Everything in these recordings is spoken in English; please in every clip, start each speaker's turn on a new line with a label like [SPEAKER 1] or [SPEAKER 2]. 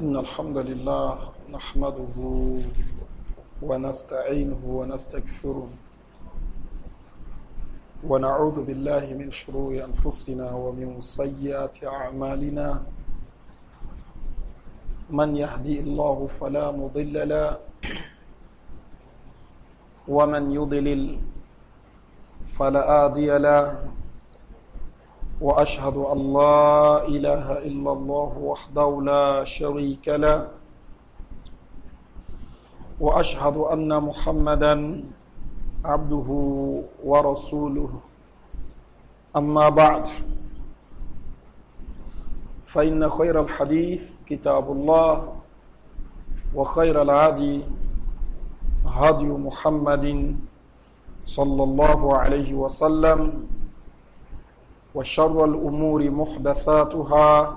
[SPEAKER 1] إن الحمد لله نحمده ونستعينه ونستكفره ونعوذ بالله من شرور أنفسنا ومن سيئات أعمالنا من يهدي الله فلا مضل له ومن يضلل فلا آدي له واشهد ان لا اله الا الله وحده لا شريك له واشهد ان محمدا عبده ورسوله اما بعد فان خير الحديث كتاب الله وخير الهدي هدي محمد صلى الله عليه وسلم وشر الأمور محدثاتها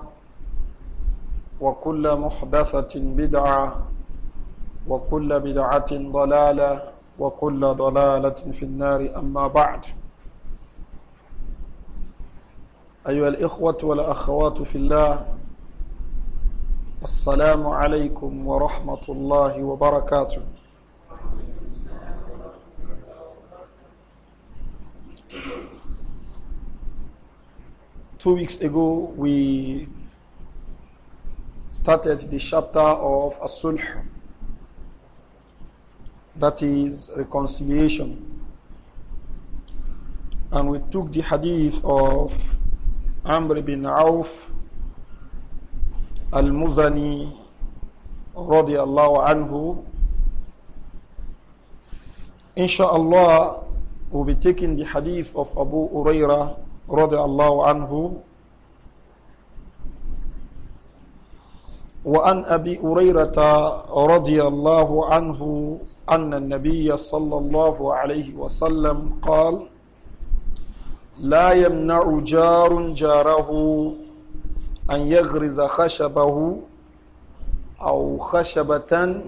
[SPEAKER 1] وكل محدثة بدعة وكل بدعة ضلالة وكل ضلالة في النار أما بعد أيها الإخوة والأخوات في الله السلام عليكم ورحمة الله وبركاته two weeks ago we started the chapter of Asulh, that is reconciliation. And we took the hadith of Amr bin Auf al Muzani radiallahu anhu. Inshallah, we'll be taking the hadith of Abu urayrah رضي الله عنه وعن أبي هريرة رضي الله عنه أن النبي صلى الله عليه وسلم قال لا يمنع جار جاره أن يغرز خشبه أو خشبة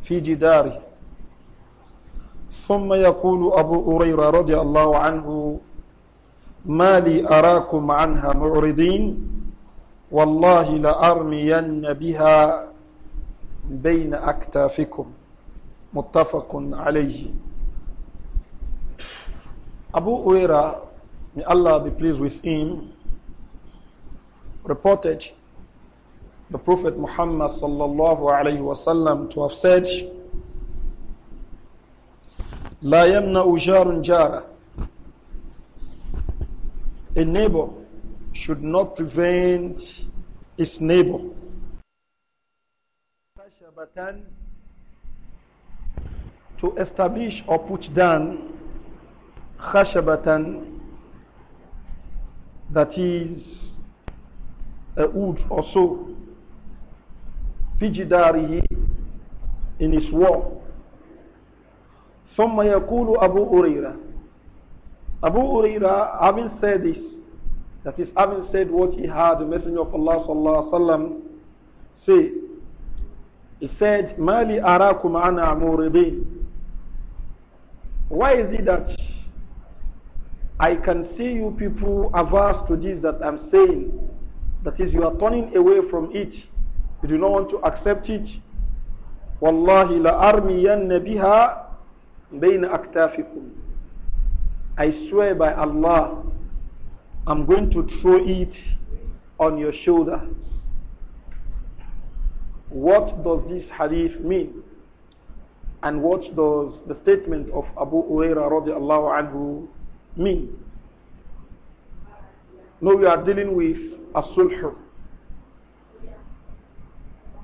[SPEAKER 1] في جداره ثم يقول أبو هريرة رضي الله عنه ما لي أراكم عنها معرضين والله لأرمين بها بين أكتافكم متفق عليه Abu Uwaira, may Allah be pleased with him, reported the Prophet Muhammad sallallahu alayhi wa sallam to have said, لا يمنع جار جاره a neighbor should not prevent his neighbor. To establish or put down khashabatan, that is a wood or so, fijidarihi in his war. ثم يقول أبو هريرة Abu Uraira, having said this, that is, having said what he had, the Messenger of Allah sallallahu alaihi wasallam say, he said, "Mali arakum ana muridin." Why is it that I can see you people averse to this that I'm saying? That is, you are turning away from it. You do not want to accept it. Wallahi la armiyanna biha bayna aktafikum. I swear by Allah, I'm going to throw it on your shoulder. What does this hadith mean? And what does the statement of Abu Uraira radiallahu anhu mean? No, we are dealing with a sulh.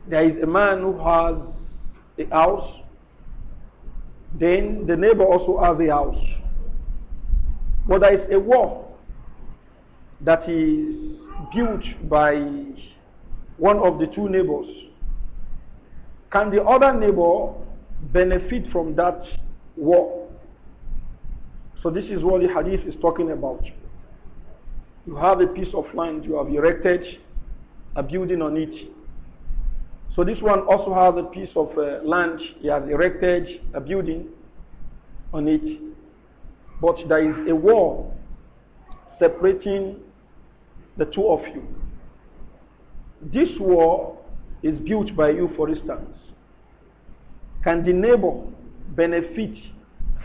[SPEAKER 1] There is a man who has a house, then the neighbor also has a house. But there is a wall that is built by one of the two neighbors. Can the other neighbor benefit from that wall? So this is what the hadith is talking about. You have a piece of land, you have erected a building on it. So this one also has a piece of uh, land, he has erected a building on it. But there is a wall separating the two of you. This wall is built by you, for instance. Can the neighbor benefit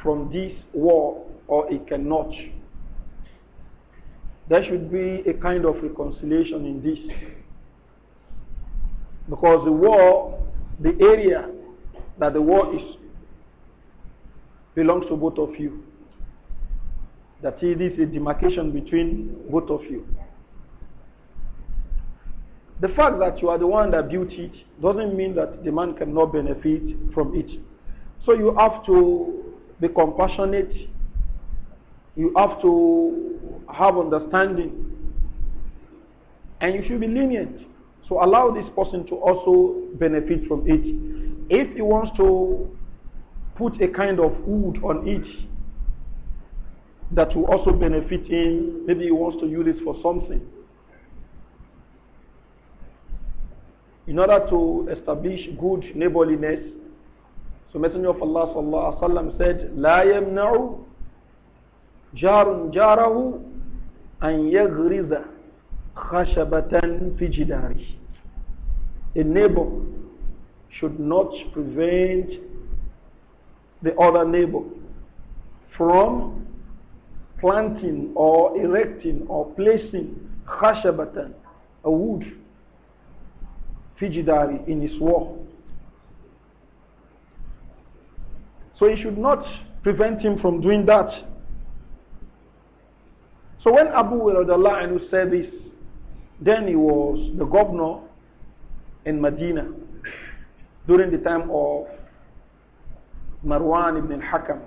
[SPEAKER 1] from this war or it cannot? There should be a kind of reconciliation in this. Because the war, the area that the war is, belongs to both of you. That is, it is a demarcation between both of you. The fact that you are the one that built it doesn't mean that the man cannot benefit from it. So you have to be compassionate. You have to have understanding. And you should be lenient. So allow this person to also benefit from it. If he wants to put a kind of wood on it, that will also benefit him. Maybe he wants to use it for something. In order to establish good neighborliness, so Messenger of Allah sallallahu alaihi wasallam said, "La yamna'u jarun jarahu an yaghriza khashabatan fi A neighbor should not prevent the other neighbor from planting or erecting or placing khashabatan, a wood, fijidari, in his wall. So it should not prevent him from doing that. So when Abu who said this, then he was the governor in Medina during the time of Marwan ibn al-Hakam.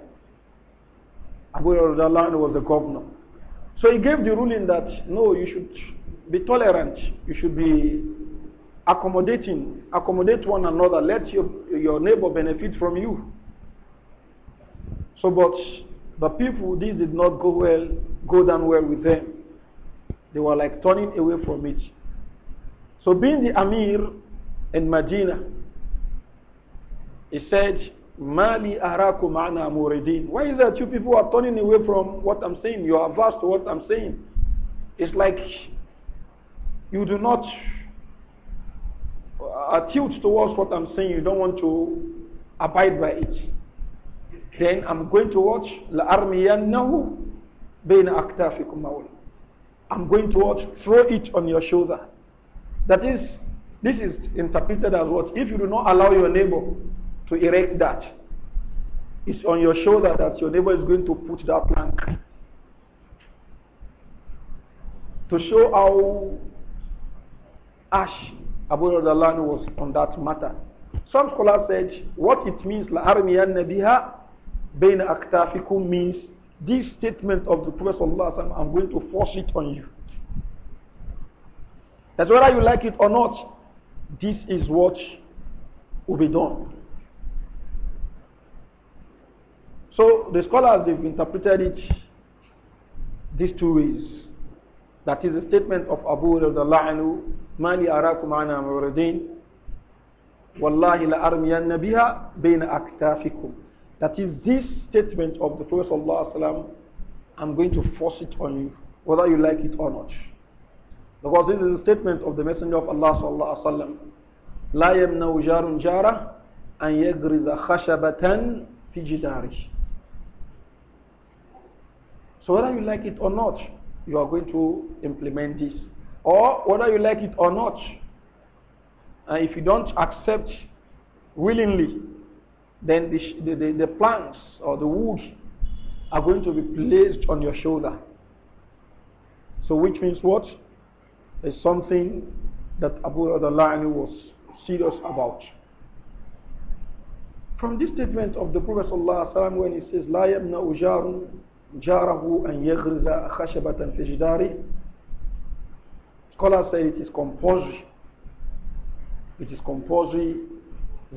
[SPEAKER 1] Abu Hurairah was the governor. So he gave the ruling that no, you should be tolerant. You should be accommodating, accommodate one another. Let your, your neighbor benefit from you. So, but the people, this did not go well, go down well with them. They were like turning away from it. So, being the Amir in Medina, he said, Mali araku ma'ana muridin. Why is that you people are turning away from what I'm saying? You are averse to what I'm saying. It's like you do not attitude towards what I'm saying. You don't want to abide by it. Then I'm going to watch لَأَرْمِيَنَّهُ بَيْنَ أَكْتَافِكُمْ مَوْلًا I'm going to watch, throw it on your shoulder. That is, this is interpreted as what? If you do not allow your neighbor to erect that. It's on your shoulder that your neighbor is going to put that plank. To show how ash Abu Radallahu was on that matter. Some scholars said what it means, Armiyan بِهَا بَيْنَ Aktafikum means this statement of the Prophet Allah. I'm going to force it on you. That's whether you like it or not, this is what will be done. So the scholars, have interpreted it these two ways. That is the statement of Abu Radallahu, Mali arakum ana muradin, Wallahi la armiyanna nabiha bayna aktafikum. That is this statement of the Prophet Sallallahu Alaihi Wasallam, I'm going to force it on you, whether you like it or not. Because this is a statement of the Messenger of Allah Sallallahu Alaihi Wasallam. لا يمنع جار جاره أن so whether you like it or not, you are going to implement this. Or whether you like it or not, uh, if you don't accept willingly, then the, the, the, the planks or the wood are going to be placed on your shoulder. So which means what? It's something that Abu Adalani was serious about. From this statement of the Prophet ﷺ when he says, La yamna جاره أن يغرز خشبة في جداره Scholars say it is compulsory. It is compulsory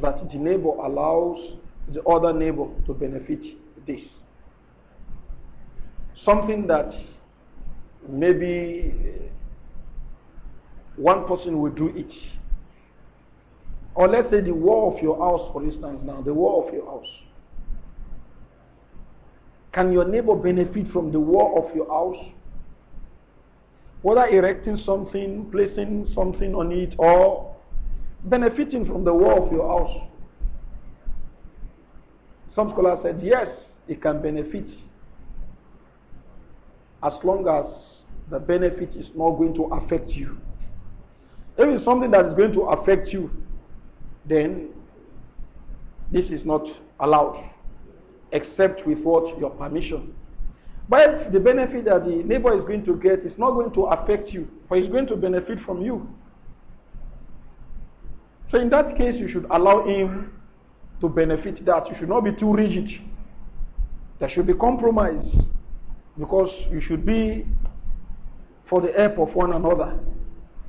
[SPEAKER 1] that the neighbor allows the other neighbor to benefit this. Something that maybe uh, one person will do it. Or let's say the wall of your house, for instance, now, the wall of your house. Can your neighbor benefit from the wall of your house? Whether erecting something, placing something on it, or benefiting from the wall of your house. Some scholars said, yes, it can benefit as long as the benefit is not going to affect you. If it's something that is going to affect you, then this is not allowed except with what? Your permission. But the benefit that the neighbor is going to get is not going to affect you, but he's going to benefit from you. So in that case, you should allow him to benefit that. You should not be too rigid. There should be compromise because you should be for the help of one another.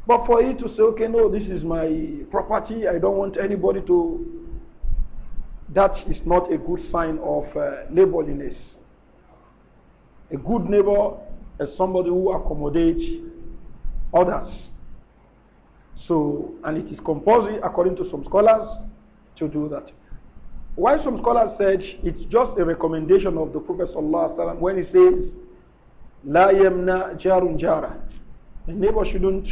[SPEAKER 1] But for you to say, okay, no, this is my property, I don't want anybody to that is not a good sign of uh, neighborliness. A good neighbor is somebody who accommodates others. So, and it is compulsory, according to some scholars, to do that. Why some scholars said it's just a recommendation of the Prophet ﷺ when he says, La yamna jarun jara. The neighbor shouldn't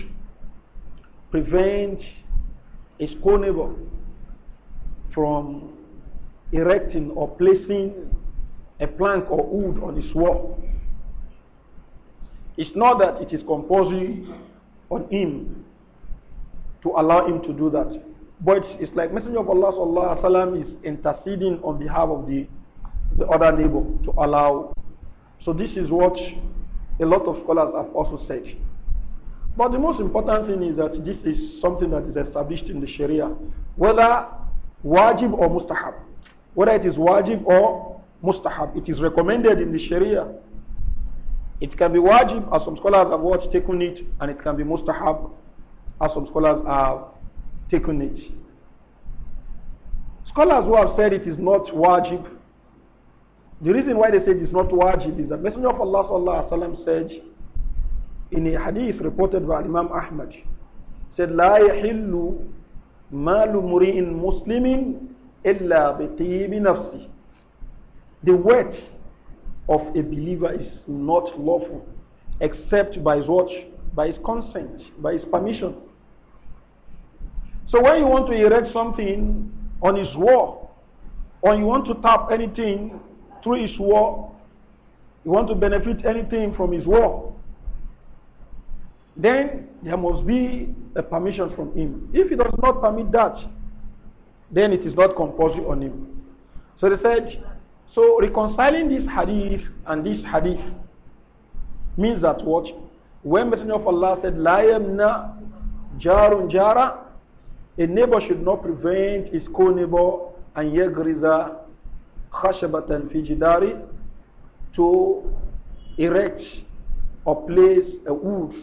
[SPEAKER 1] prevent his co neighbor from erecting or placing a plank or wood on his wall. It's not that it is compulsory on him to allow him to do that. But it's like Messenger of Allah sallallahu alaihi wasallam is interceding on behalf of the, the other neighbor to allow. So this is what a lot of scholars have also said. But the most important thing is that this is something that is established in the Sharia, whether wajib or mustahab whether it is wajib or mustahab. It is recommended in the Sharia. It can be wajib, as some scholars have watched, taken it, and it can be mustahab, as some scholars have taken it. Scholars who have said it is not wajib, the reason why they said it's not wajib is that Messenger of Allah sallallahu alaihi wasallam said in a hadith reported by Imam Ahmad, said, لا يحل مال مريء مسلم إِلَّا بِطِيبِ نَفْسِ The word of a believer is not lawful except by his watch, by his consent, by his permission. So when you want to erect something on his wall, or you want to tap anything through his wall, you want to benefit anything from his wall, then there must be a permission from him. If he does not permit that, then it is not compulsory on him. So they said, so reconciling this hadith and this hadith means that what? When Messenger of Allah said, La yamna jarun jara, a neighbor should not prevent his co-neighbor and yagriza khashabatan fijidari to erect or place a wood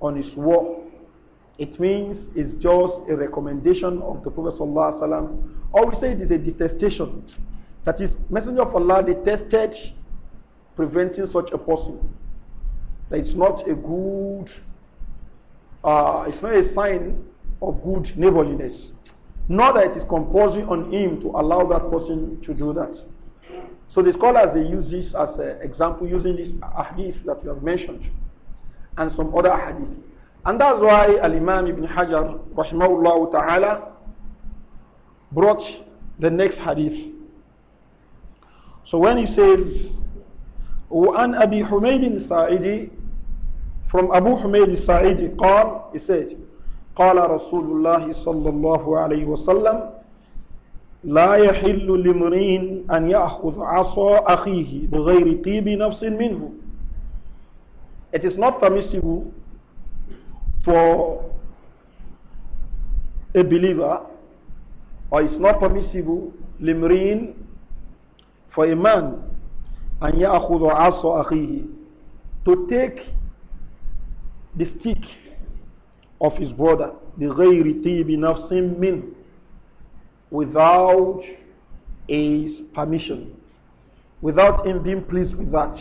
[SPEAKER 1] on his wall it means it's just a recommendation of the Prophet ﷺ. Or we say it is a detestation. That is, Messenger of Allah detested preventing such a person. That it's not a good, uh, it's not a sign of good neighborliness. Not that it is compulsory on him to allow that person to do that. So the scholars they use this as an example using this hadith that you have mentioned and some other hadith. And that's why Al Imam Ibn Hajar, rahimahullah ta'ala, brought the next hadith. So when he says, وَأَنْ أَبِي حُمَيْدٍ السَّاعِدِ From Abu Humayd al-Sa'idi he said, قال رسول الله صلى الله عليه وسلم لا يحل لمرين أن يأخذ عصا أخيه بغير طيب نفس منه It is not permissible for a believer or it's not permissible limrin for a man an aso akhihi to take the stick of his brother بغير طيب نفس min, without his permission without him being pleased with that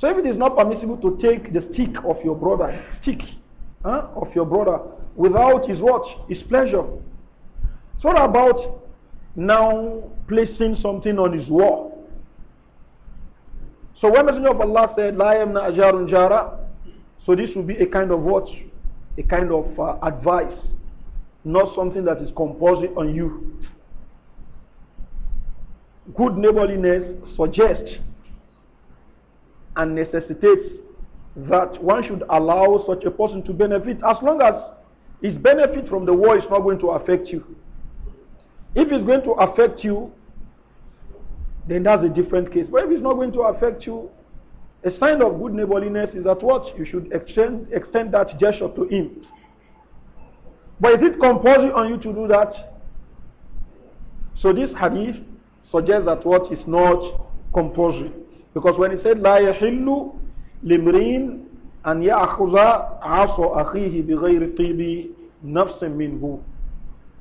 [SPEAKER 1] so if it is not permissible to take the stick of your brother, stick huh, of your brother, without his watch, his pleasure. So what about now placing something on his wall? So when Messenger of Allah said, La yamna ajarun jara, so this will be a kind of watch, a kind of uh, advice, not something that is compulsory on you. Good neighborliness suggests and necessitates that one should allow such a person to benefit as long as his benefit from the war is not going to affect you. If it's going to affect you, then that's a different case. But if it's not going to affect you, a sign of good neighborliness is that what? You should extend, extend that gesture to him. But is it compulsory on you to do that? So this hadith suggests that what is not compulsory. Because when he said, لا يحل لمرين أن يأخذ عص أخيه بغير طيب نفس منه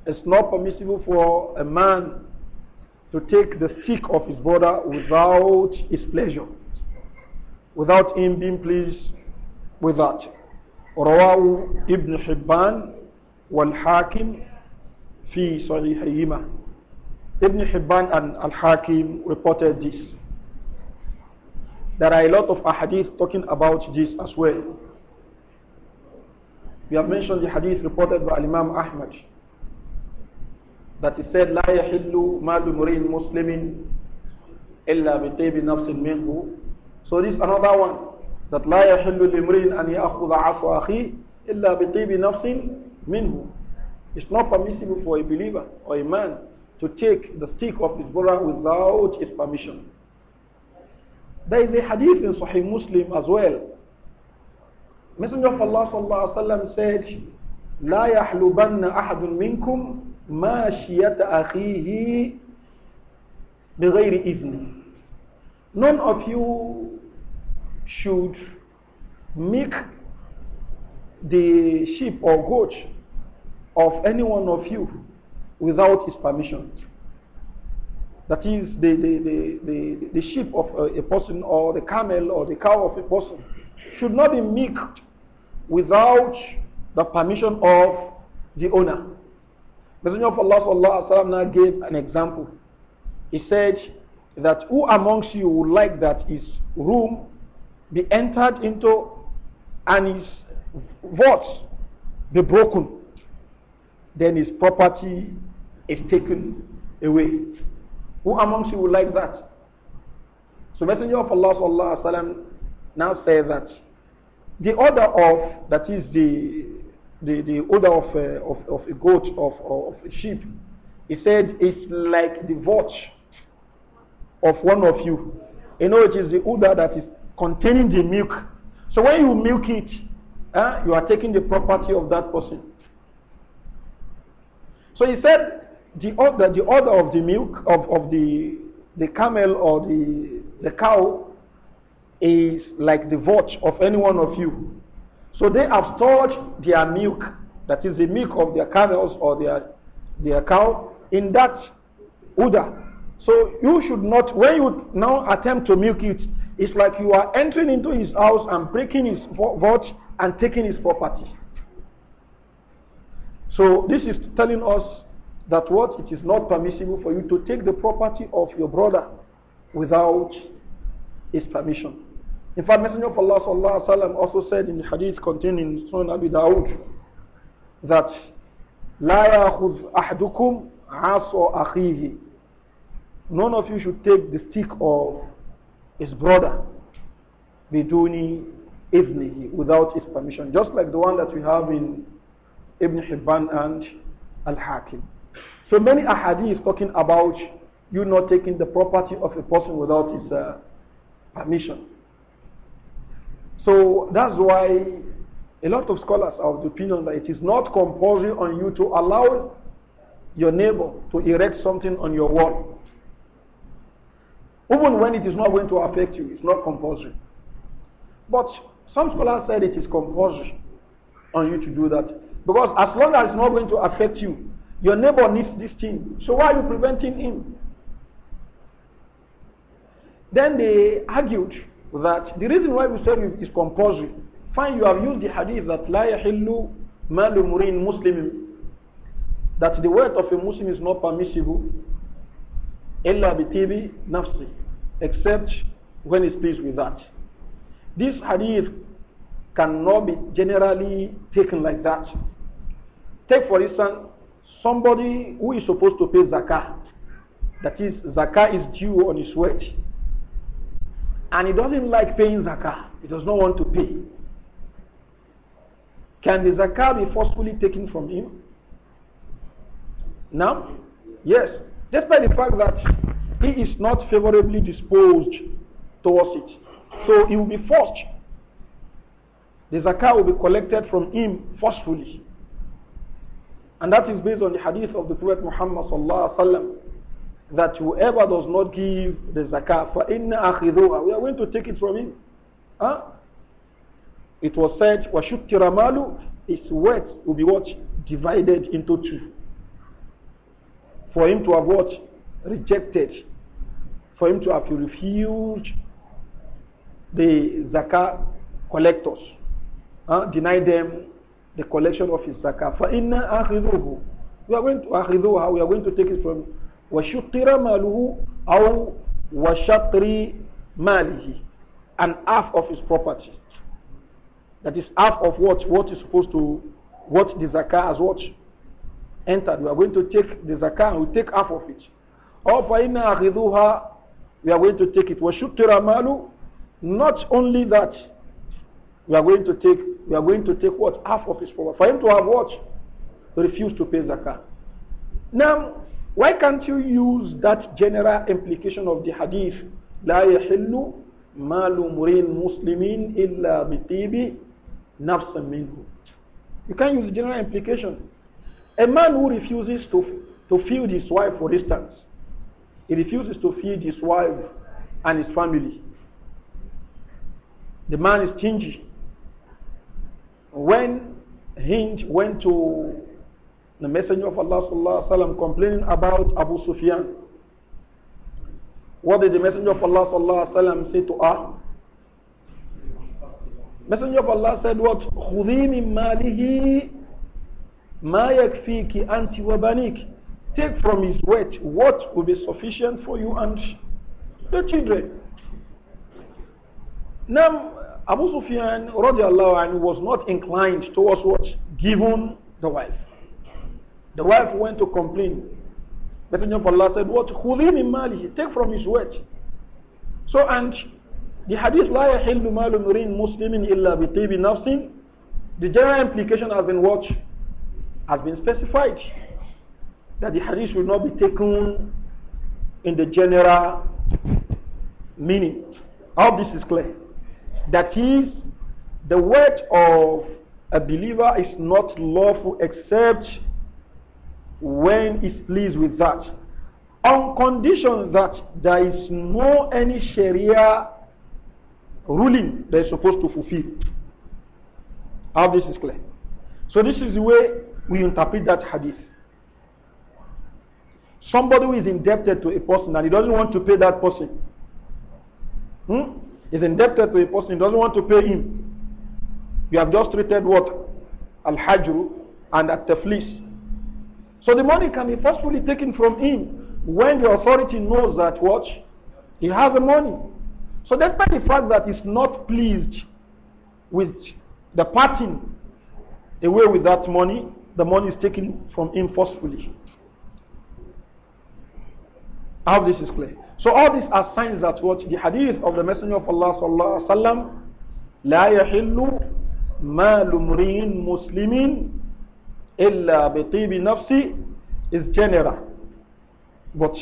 [SPEAKER 1] It's not permissible for a man to take the sick of his brother without his pleasure, without him being pleased with that. رواه ابن حبان والحاكم في صحيحيهما. Ibn Hibban and Al-Hakim reported this. There are a lot of hadith talking about this as well. We have mentioned the hadith reported by Imam Ahmad that he said, لا يحل مال مرين مسلم إلا بطيب نفس منه. So this is another one that لا يحل لمرين أن يأخذ عصا أخيه إلا بطيب نفس منه. It's not permissible for a believer or a man to take the stick of his brother without his permission. There is a hadith in Sahih Muslim as well. Messenger of Allah sallallahu alaihi wasallam said, لا يحلبن أحد منكم ماشية أخيه بغير إذن. None of you should make the sheep or goat of any one of you without his permission. That is the, the, the, the, the sheep of a, a, person or the camel or the cow of a person should not be milked without the permission of the owner. Messenger of Allah sallallahu alaihi wasallam gave an example. He said that who amongst you would like that his room be entered into and his vaults be broken, then his property is taken away. Who amongst you would like that? So Messenger of Allah sallallahu alaihi wasallam now says that the order of that is the the, the order of a, uh, of, of a goat of, of a sheep. He said it's like the watch of one of you. You know it is the order that is containing the milk. So when you milk it, eh, you are taking the property of that person. So he said the order, the order of the milk of, of the, the camel or the, the cow is like the watch of any one of you. So they have stored their milk, that is the milk of their camels or their, their cow, in that udder. So you should not, when you now attempt to milk it, it's like you are entering into his house and breaking his watch and taking his property. So this is telling us that what it is not permissible for you to take the property of your brother without his permission. In fact, Messenger of Allah sallallahu alaihi wasallam also said in the hadith contained in Sunan Abi Dawud that لا يأخذ أحدكم عصا أخيه None of you should take the stick of his brother biduni إذنه without his permission just like the one that we have in Ibn Hibban and Al-Hakim. So many ahadith talking about you not taking the property of a person without his uh, permission. So that's why a lot of scholars are of the opinion that it is not compulsory on you to allow your neighbor to erect something on your wall. Even when it is not going to affect you, it's not compulsory. But some scholars said it is compulsory on you to do that. Because as long as it's not going to affect you, your neighbor needs this thing. So why are you preventing him? Then they argued that the reason why we say is compulsory. Fine, you have used the hadith that la yahillu malu murin muslim that the wealth of a Muslim is not permissible illa bitibi nafsi except when he's pleased with that. This hadith cannot be generally taken like that. Take for instance somebody who is supposed to pay zakah, that is, zakah is due on his wage, and he doesn't like paying zakah, he does not want to pay, can the zakah be forcefully taken from him? Now, yes, despite the fact that he is not favorably disposed towards it, so he will be forced. The zakah will be collected from him forcefully. And that is based on the hadith of the Prophet Muhammad that whoever does not give the zakah, for inna we are going to take it from him. Huh? It was said, وَشُكِّرَ مَالُ its wealth will be what? Divided into two. For him to have what? Rejected. For him to have refused the zakah collectors. Huh? Deny them the collection of his zakah. فَإِنَّا أَخِذُوهُ We are going to أَخِذُوهَا We are going to take it from وَشُطِّرَ مَالُهُ أَوْ وَشَطْرِ مَالِهِ And half of his property. That is half of what, what is supposed to, what the zakah has what entered. We are going to take the zakah and we take half of it. Or فَإِنَّا أَخِذُوهَا We are going to take it. وَشُطِّرَ مَالُهُ Not only that, we are going to take we are going to take what? Half of his property. For him to have what? Refuse to pay zakah. Now, why can't you use that general implication of the hadith? لا يحل مال مرين مسلمين إلا بطيب نفس منه. You can't use the general implication. A man who refuses to, to feed his wife, for instance, he refuses to feed his wife and his family. The man is stingy when Hind went to the Messenger of Allah sallallahu alaihi wasallam complaining about Abu Sufyan, what did the Messenger of Allah sallallahu alaihi wasallam say to her? Messenger of Allah said what? خُذِي malihi مَالِهِ مَا يَكْفِيكِ Take from his wealth what will be sufficient for you and your children. Now, Abu Sufyan was not inclined towards what? Given the wife. The wife went to complain. Messenger of Allah said, What? Khudhin malihi, take from his wealth. So, and the hadith, La yahillu malu murin muslimin illa bitibi nafsin, the general implication has been what? Has been specified. That the hadith should not be taken in the general meaning. All this is clear. That is, the word of a believer is not lawful except when he's pleased with that. On condition that there is no any Sharia ruling they're supposed to fulfill. How this is clear. So this is the way we interpret that hadith. Somebody who is indebted to a person and he doesn't want to pay that person. Hmm? is indebted to a person, he doesn't want to pay him. You have just treated what? Al-Hajru and At-Taflis. So the money can be forcefully taken from him when the authority knows that what? He has the money. So despite the fact that he's not pleased with the parting away with that money, the money is taken from him forcefully. I hope this is clear. So all these are signs that what the hadith of the Messenger of Allah sallallahu alaihi wasallam لا يحل مال امرئ مسلم إلا بطيب نفسي is general but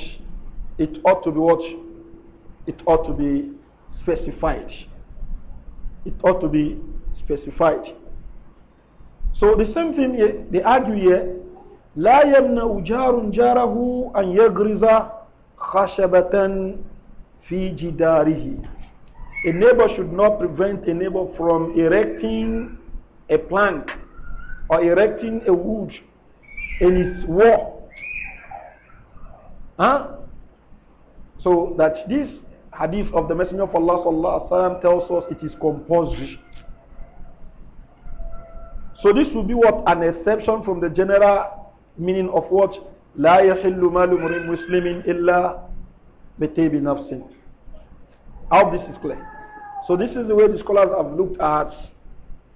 [SPEAKER 1] it ought to be what it ought to be specified it ought to be specified so the same thing they argue here لا يمنع جار جاره أن يغرز khashabatan fi jidarihi. A neighbor should not prevent a neighbor from erecting a plank or erecting a wood in his wall. Huh? So that this hadith of the Messenger of Allah sallallahu alaihi wasallam tells us it is compulsory. So this will be what an exception from the general meaning of what لا يحل مال مسلم إلا بتيب نفسه. All this is clear. So this is the way the scholars have looked at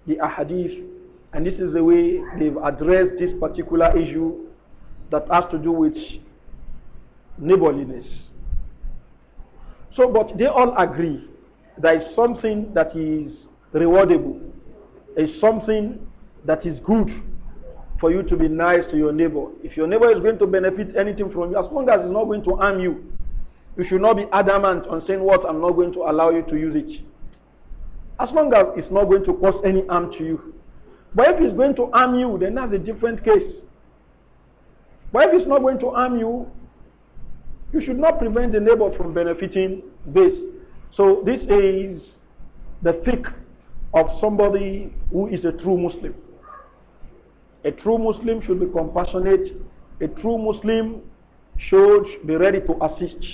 [SPEAKER 1] the ahadith and this is the way they've addressed this particular issue that has to do with neighborliness. So, but they all agree there is something that is rewardable, is something that is good for you to be nice to your neighbor. If your neighbor is going to benefit anything from you, as long as it's not going to harm you, you should not be adamant on saying, What, I'm not going to allow you to use it. As long as it's not going to cause any harm to you. But if it's going to harm you, then that's a different case. But if it's not going to harm you, you should not prevent the neighbor from benefiting this. So this is the fiqh of somebody who is a true Muslim. A true Muslim should be compassionate. A true Muslim should be ready to assist.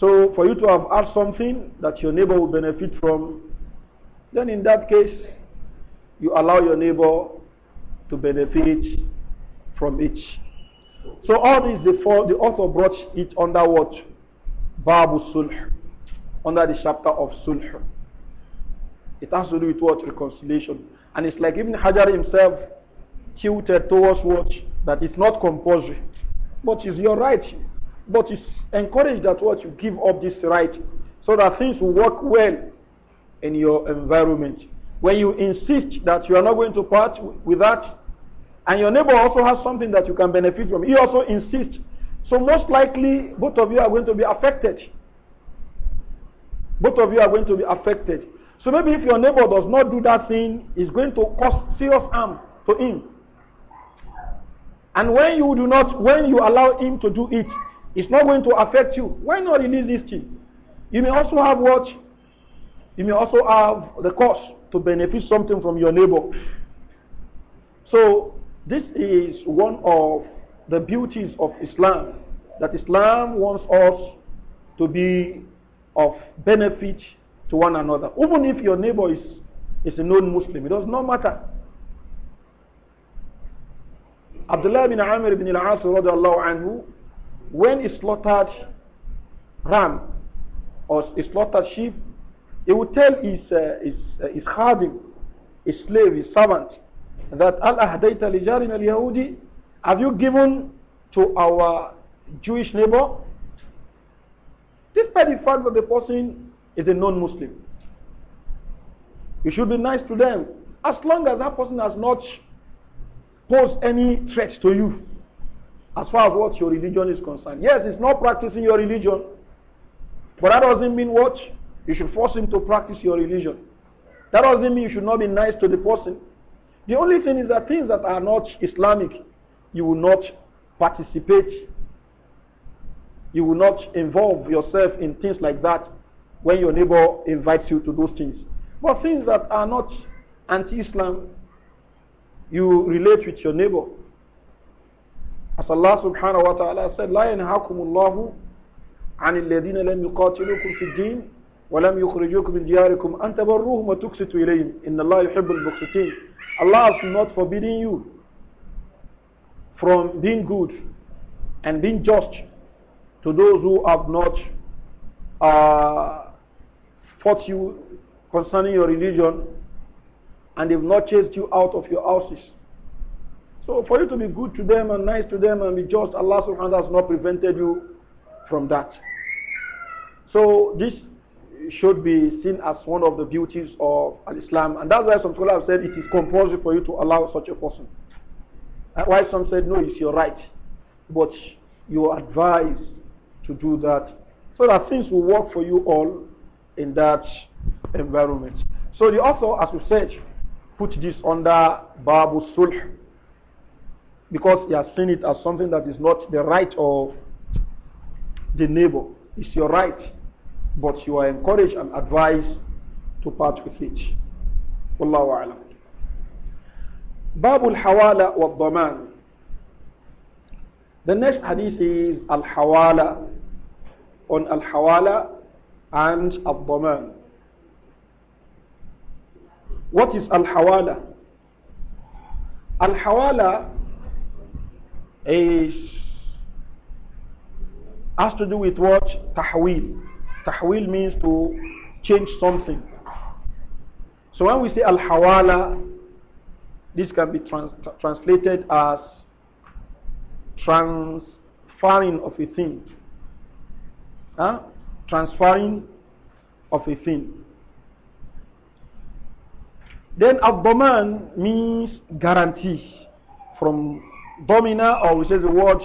[SPEAKER 1] So for you to have asked something that your neighbor will benefit from, then in that case, you allow your neighbor to benefit from it. So all this, the, the author brought it under what? Babu Sulh, under the chapter of Sulh. It has to do with what? Reconciliation. And it's like even Hajar himself tilted towards what? That it's not compulsory. But it's your right. But it's encouraged that what you give up this right so that things will work well in your environment. When you insist that you are not going to part with that, and your neighbor also has something that you can benefit from, he also insists. So most likely, both of you are going to be affected. Both of you are going to be affected. So maybe if your neighbor does not do that thing, it's going to cause serious harm to him. And when you do not, when you allow him to do it, it's not going to affect you. Why not release this thing? You may also have what? You may also have the cause to benefit something from your neighbor. So this is one of the beauties of Islam. That Islam wants us to be of benefit to one another. Even if your neighbor is, is a known Muslim, it does not matter. Abdullah bin Amir bin al-As anhu, when he slaughtered ram or he slaughtered sheep, he would tell his, uh, his, uh, his khadim, his slave, his servant, that Al-Ahdayta lijarin al-Yahudi, have you given to our Jewish neighbor? Despite the fact that the person is a non-Muslim. You should be nice to them as long as that person has not posed any threat to you as far as what your religion is concerned. Yes, it's not practicing your religion, but that doesn't mean what? You should force him to practice your religion. That doesn't mean you should not be nice to the person. The only thing is that things that are not Islamic, you will not participate. You will not involve yourself in things like that when your neighbor invites you to those things. But things that are not anti-Islam, you relate with your neighbor. As Allah subhanahu wa ta'ala said, لا ينهاكم الله عن الذين لم يقاتلوكم في الدين ولم يخرجوكم من دياركم أن تبروهم وتقسطوا إليهم إن الله يحب المقسطين Allah is not forbidding you from being good and being just to those who have not uh, fought you concerning your religion and they've not chased you out of your houses. So for you to be good to them and nice to them and be just, Allah subhanahu wa ta'ala has not prevented you from that. So this should be seen as one of the beauties of Islam. And that's why some scholars have said it is compulsory for you to allow such a person. And why some said, no, it's your right. But you are advised to do that. So that things will work for you all in that environment. So the author, as we said, put this under Babu Sulh because he has seen it as something that is not the right of the neighbor. It's your right, but you are encouraged and advised to part with it. Wallahu alam. Babu al-Hawala wa daman The next hadith is al-Hawala. On al-Hawala, and abdomen. What is al-hawala? Al-hawala is has to do with what? Tahwil. Tahwil means to change something. So when we say al-hawala, this can be trans translated as transferring of a thing. Huh? transferring of a thing. Then abdoman means guarantee from domina or we say the word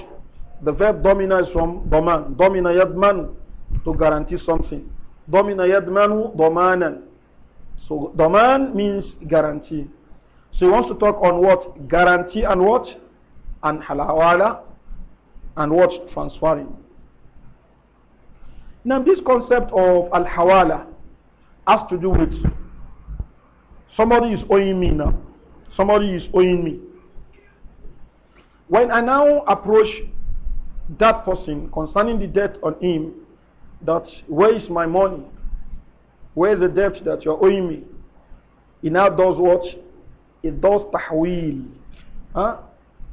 [SPEAKER 1] the verb domina is from doman. Domina yadman to guarantee something. Domina yadmanu domanan. So doman means guarantee. So he wants to talk on what? Guarantee and what? And halawala and what? Transferring. Now, this concept of al hawala has to do with somebody is owing me now. Somebody is owing me. When I now approach that person concerning the debt on him, that where is my money? Where is the debt that you are owing me? He now does what? It does tahwil. Huh?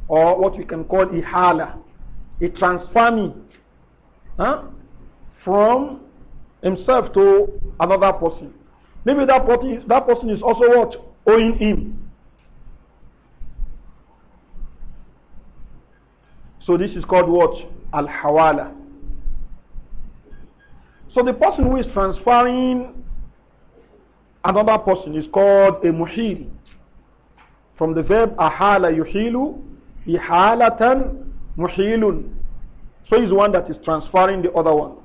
[SPEAKER 1] Or what we can call ihala. It transfer me. Huh? from himself to another person. Maybe that person, is, that person is also what? Owing him. So this is called what? Al-Hawala. So the person who is transferring another person is called a muhil. From the verb ahala yuhilu, ihalatan muhilun. So he's one that is transferring the other one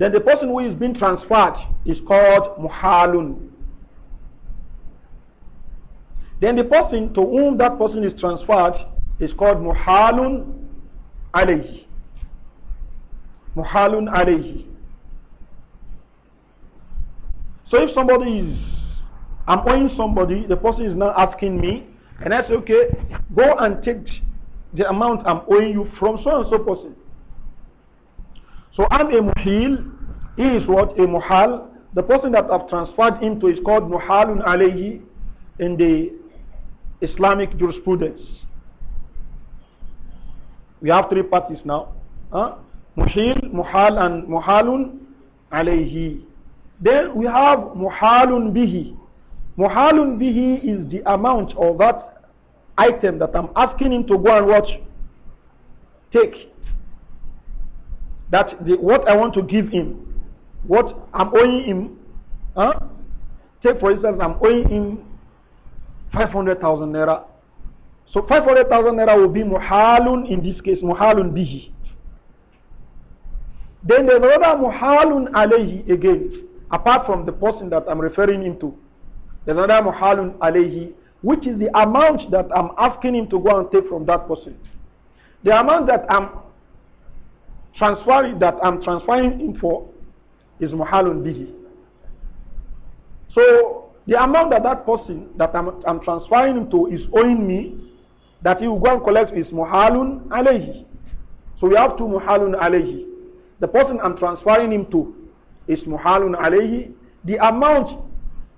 [SPEAKER 1] then the person who is being transferred is called muhalun. Then the person to whom that person is transferred is called muhalun alayhi. Muhalun alayhi. So if somebody is, I'm owing somebody, the person is now asking me, and I say, okay, go and take the amount I'm owing you from so and so person. So I'm a muhil. He is what? A muhal. The person that I've transferred him to is called muhalun alayhi in the Islamic jurisprudence. We have three parties now. Huh? Muhil, muhal and muhalun alayhi. Then we have muhalun bihi. Muhalun bihi is the amount of that item that I'm asking him to go and watch. Take that the, what I want to give him, what I'm owing him, huh? take for instance, I'm owing him 500,000 naira. So 500,000 naira will be muhalun in this case, muhalun bihi. Then there's another muhalun alayhi again, apart from the person that I'm referring him to. There's another muhalun alayhi, which is the amount that I'm asking him to go and take from that person. The amount that I'm transferring that I'm transferring him for is muhalun bihi. So the amount that that person that I'm, I'm transferring him to is owing me that he will go and collect is muhalun alayhi. So we have two muhalun alayhi. The person I'm transferring him to is muhalun alayhi. The amount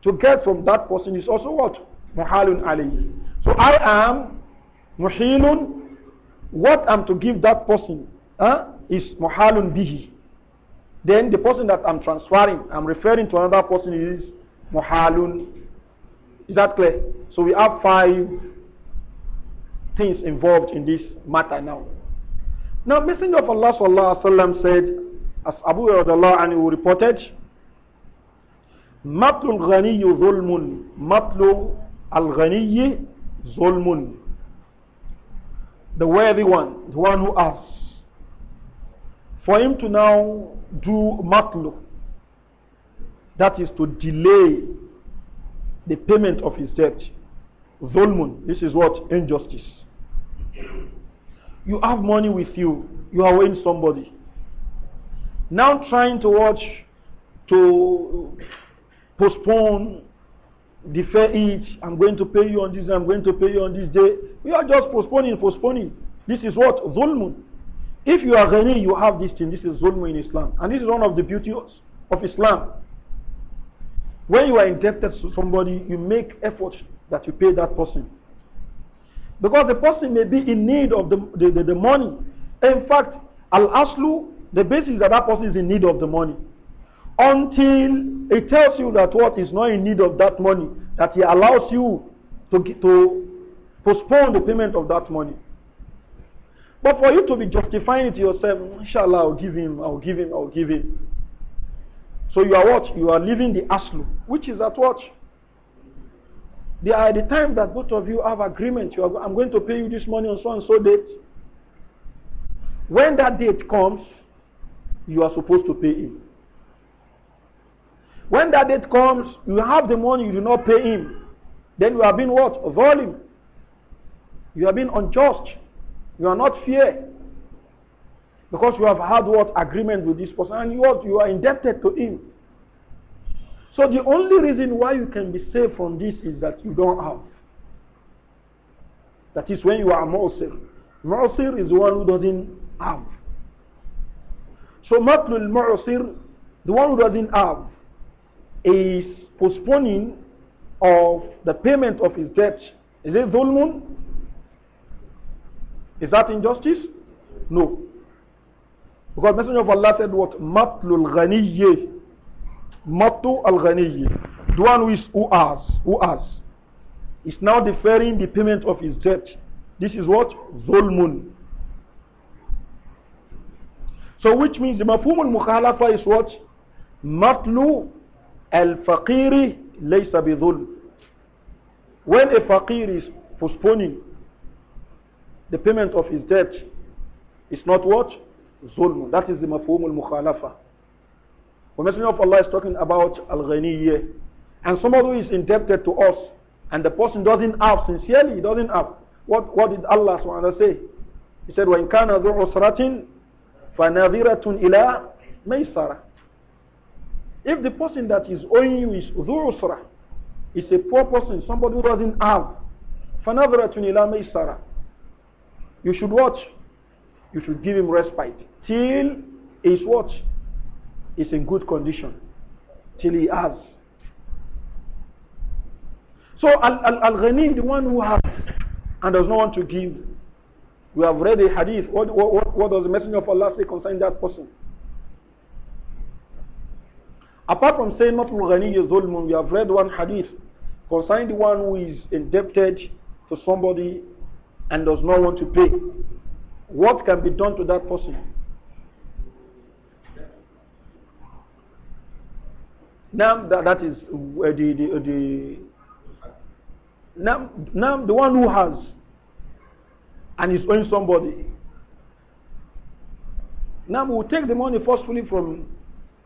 [SPEAKER 1] to get from that person is also what? Muhalun alayhi. So I am muhilun. What I'm to give that person huh, is muhalun bihi. Then the person that I'm transferring, I'm referring to another person is muhalun. Is that clear? So we have five things involved in this matter now. Now, Messenger of Allah sallallahu alaihi wasallam said, as Abu Radallah anhu reported, مَطْلُ الْغَنِيُّ ظُلْمٌ مَطْلُ الْغَنِيِّ The worthy one, the one who asks." for him to now do matlu, that is to delay the payment of his debt. Zulmun, this is what? Injustice. You have money with you, you are owing somebody. Now trying to watch, to postpone, defer it, I'm going to pay you on this, I'm going to pay you on this day. We are just postponing, postponing. This is what? Zulmun. If you are ghani, you have this thing. This is zulm in Islam. And this is one of the beauties of Islam. When you are indebted to somebody, you make effort that you pay that person. Because the person may be in need of the, the, the, the money. In fact, al-aslu, the basis that that person is in need of the money. Until it tells you that what is not in need of that money, that he allows you to, to postpone the payment of that money. But for you to be justifying it to yourself, inshallah, I'll give him, I'll give him, I'll give him. So you are what? You are leaving the aslu, which is at what? There are uh, the time that both of you have agreement. You are, I'm going to pay you this money on so and so date. When that date comes, you are supposed to pay him. When that date comes, you have the money, you do not pay him. Then you have been what? Volume. You have been unjust. You are not fear Because you have had what agreement with this person and you are, you are indebted to him. So the only reason why you can be saved from this is that you don't have. That is when you are Mu'sir. Mu'sir is the one who doesn't have. So Matlul Mu'sir, the one who doesn't have, is postponing of the payment of his debt. Is it Zulmun? Is that injustice? No. Because Messenger of Allah said what? Matlul ghaniyye. Matu al ghaniyye. The one who is who has, who has, is now deferring the payment of his debt. This is what? Zulmun. So which means the mafhum al-mukhalafa is what? Matlu al-faqiri laysa bidhulm. When a faqir is postponing the payment of his debt is not what? Zulm. That is the mafhum al-mukhalafa. The Messenger of Allah is talking about al-ghaniyya. And somebody is indebted to us and the person doesn't have, sincerely he doesn't have. What, what did Allah subhanahu say? He said, وَإِنْ كَانَ ذُو عُسْرَةٍ فَنَذِرَةٌ إِلَىٰ مَيْسَرَةٍ If the person that is owing you is ذُو عُسْرَةٍ is a poor person, somebody who doesn't have, فَنَذِرَةٌ إِلَىٰ مَيْسَرَةٍ you should watch. You should give him respite till his watch is in good condition. Till he has. So Al-Ghani, Al the one who has and does not want to give. We have read a hadith. What, what, what does the Messenger of Allah say concerning that person? Apart from saying not Ghani is we have read one hadith concerning the one who is indebted to somebody and does not want to pay, what can be done to that person? Now that, that is uh, the, the, uh, the now, now the one who has and is owing somebody. Now we will take the money forcefully from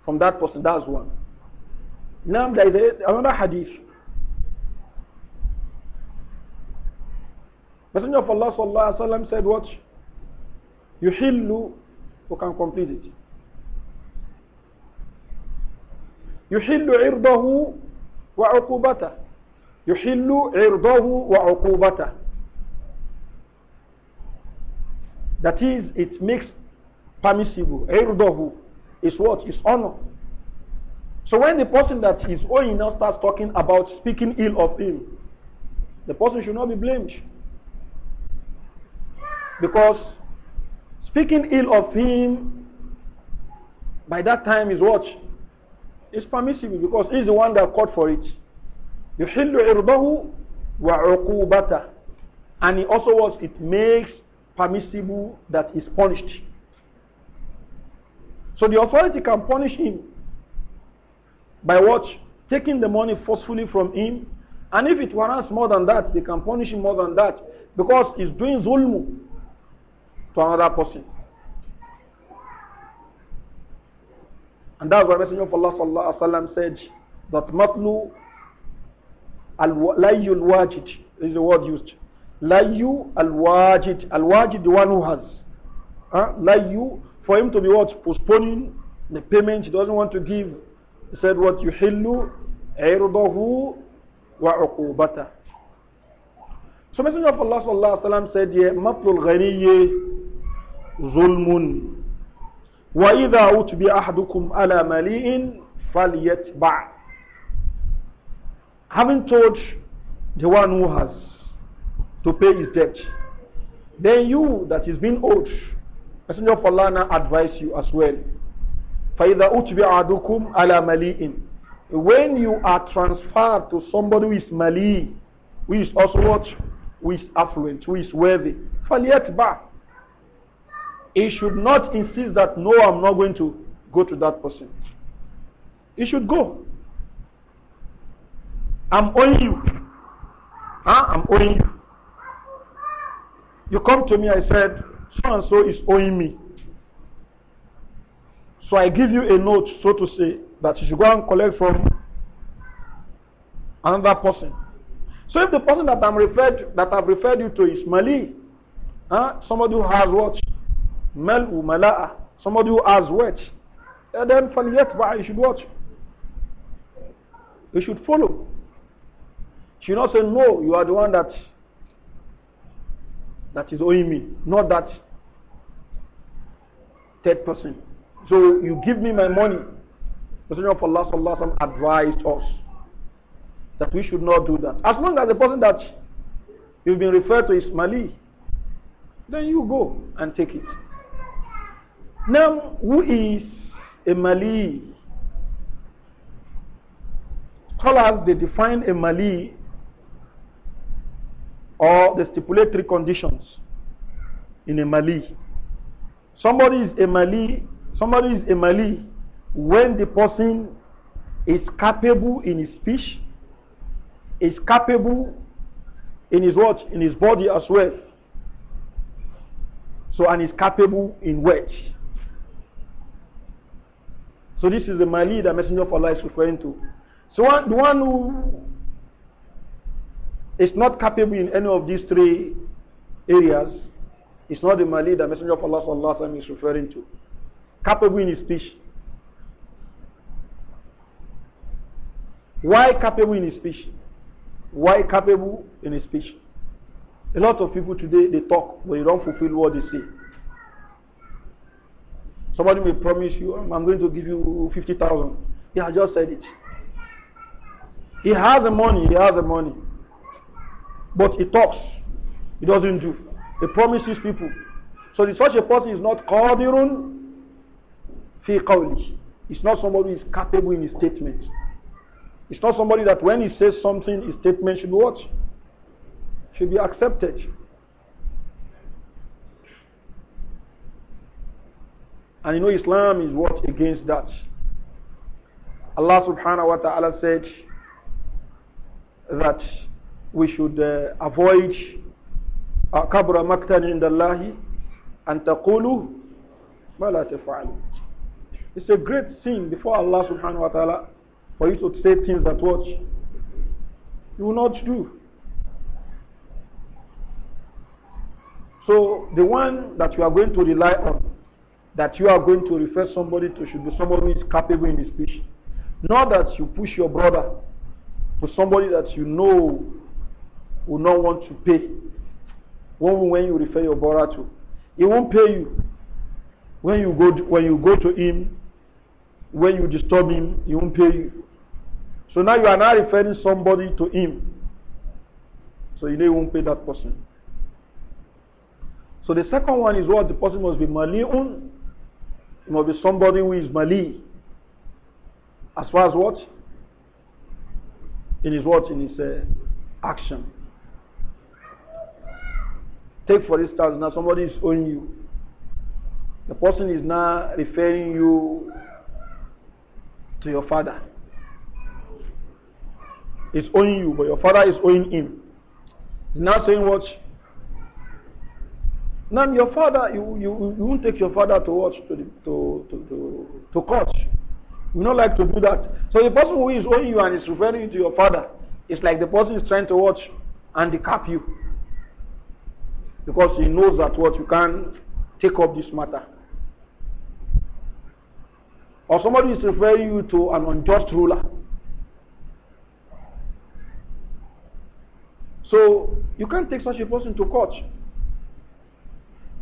[SPEAKER 1] from that person. That's one. Now there is a, another hadith Messenger of Allah sallallahu alaihi wasallam said what? Yuhillu, who can complete it. يحل You وعقوبته يحل wa akubata. That is, it makes permissible. Irdahu is what? Is honor. So when the person that is owing now starts talking about speaking ill of him, the person should not be blamed. Because speaking ill of him by that time is what? Is permissible because he's the one that called for it. يحل عرضه وعقوبته and he also was it makes permissible that he's punished. So the authority can punish him by what? Taking the money forcefully from him. And if it warrants more than that, they can punish him more than that because he's doing zulm to another person. And that's why Messenger of Allah sallallahu alaihi wasallam said that matlu al layul wajid is the word used. Layu al wajid al wajid the one who has. Huh? Layu for him to be what postponing the payment he doesn't want to give. He said what you hillo, irdahu wa uqubata. So Messenger of Allah sallallahu alaihi wasallam said yeah, matlul ghaniyyi ظلم وإذا أتبع أحدكم على مليء فليتبع Having told the one who has to pay his debt, then you that is being owed, Messenger of Allah now advise you as well. فَإِذَا أُتْبِعَ أَحَدُكُمْ عَلَى مَلِيءٍ When you are transferred to somebody who is mali, who is also what? Who is affluent, who is worthy, فَلْيَتْبَعْ he should not insist that, no, I'm not going to go to that person. He should go. I'm owing you. Huh? I'm owing you. You come to me, I said, so and so is owing me. So I give you a note, so to say, that you should go and collect from another person. So if the person that I'm referred that I've referred you to is Mali, huh, somebody who has what Mal'u mala'a. Somebody who has wet. And then فَلْيَتْبَعَ You should watch. You should follow. Should not say, no, you are the one that that is owing me, not that third person. So you give me my money. Messenger of Allah sallallahu advised us that we should not do that. As long as the person that you've been referred to is Mali, then you go and take it. Now, who is a Mali? Scholars, they define a Mali or they stipulate three conditions in a Mali. Somebody is a Mali, somebody is a Mali when the person is capable in his speech, is capable in his what? In his body as well. So, and is capable in words. So this is the Mali that Messenger of Allah is referring to. So one, the one who is not capable in any of these three areas is not the Mali that Messenger of Allah sallallahu alaihi is referring to. Capable in his speech. Why capable in his speech? Why capable in his speech? A lot of people today they talk but they don't fulfill what they say. Somebody may promise you, I'm going to give you 50,000. He has just said it. He has the money, he has the money. But he talks, he doesn't do. He promises people. So such a person is not qadirun fi qawli. It's not somebody who is capable in his statement. It's not somebody that when he says something, his statement should be what? Should be accepted. And you know Islam is what against that. Allah subhanahu wa ta'ala said that we should uh, avoid kabra uh, maktan indallahi and taqulu ma la taf'alu. It's a great sin before Allah subhanahu wa ta'ala for you to say things that what you will not do. So the one that you are going to rely on that you are going to refer somebody to should be somebody who is capable in the speech. Not that you push your brother to somebody that you know will not want to pay. When, you refer your brother to, he won't pay you. When you go to, when you go to him, when you disturb him, he won't pay you. So now you are now referring somebody to him. So you know he won't pay that person. So the second one is what the person must be mali'un it must be somebody who is Mali. As far as what? In his what? In his uh, action. Take for instance, now somebody is owing you. The person is now referring you to your father. He's owing you, but your father is owing him. He's now saying what? Now your father, you, you, you won't take your father to watch to, the, to, to, to, to court. We don't like to do that. So the person who is owing you and is referring you to your father it's like the person is trying to watch handicap you. Because he knows that what you can take up this matter. Or somebody is referring you to an unjust ruler. So you can't take such a person to court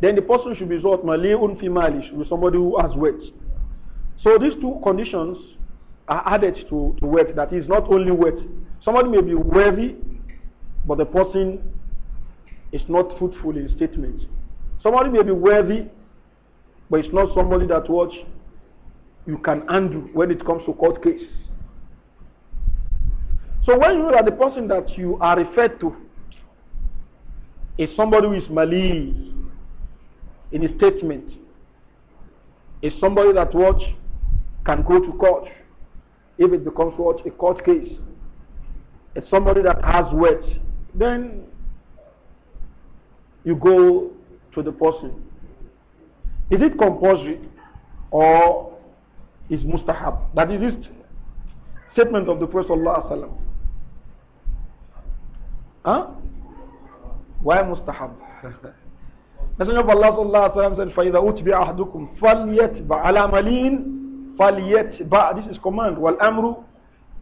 [SPEAKER 1] then the person should be Zot Mali'un fi Mali, should be somebody who has wealth. So these two conditions are added to, to wealth, that is not only wealth. Somebody may be wealthy, but the person is not fruitful in statement. Somebody may be wealthy, but it's not somebody that what you can undo when it comes to court case. So when you are the person that you are referred to is somebody who is Mali, in a statement is somebody that what can go to court if it becomes what a court case. It's somebody that has watch Then you go to the person. Is it compulsory or is mustahab? That is this statement of the Prophet sallallahu Huh? Why mustahab? Messenger الله صلى الله عليه وسلم said, فَإِذَا أُتْبِعَ أَحْدُكُمْ فَلْيَتْبَعْ عَلَى مَلِينٍ فَلْيَتْبَعْ This is command. وَالْأَمْرُ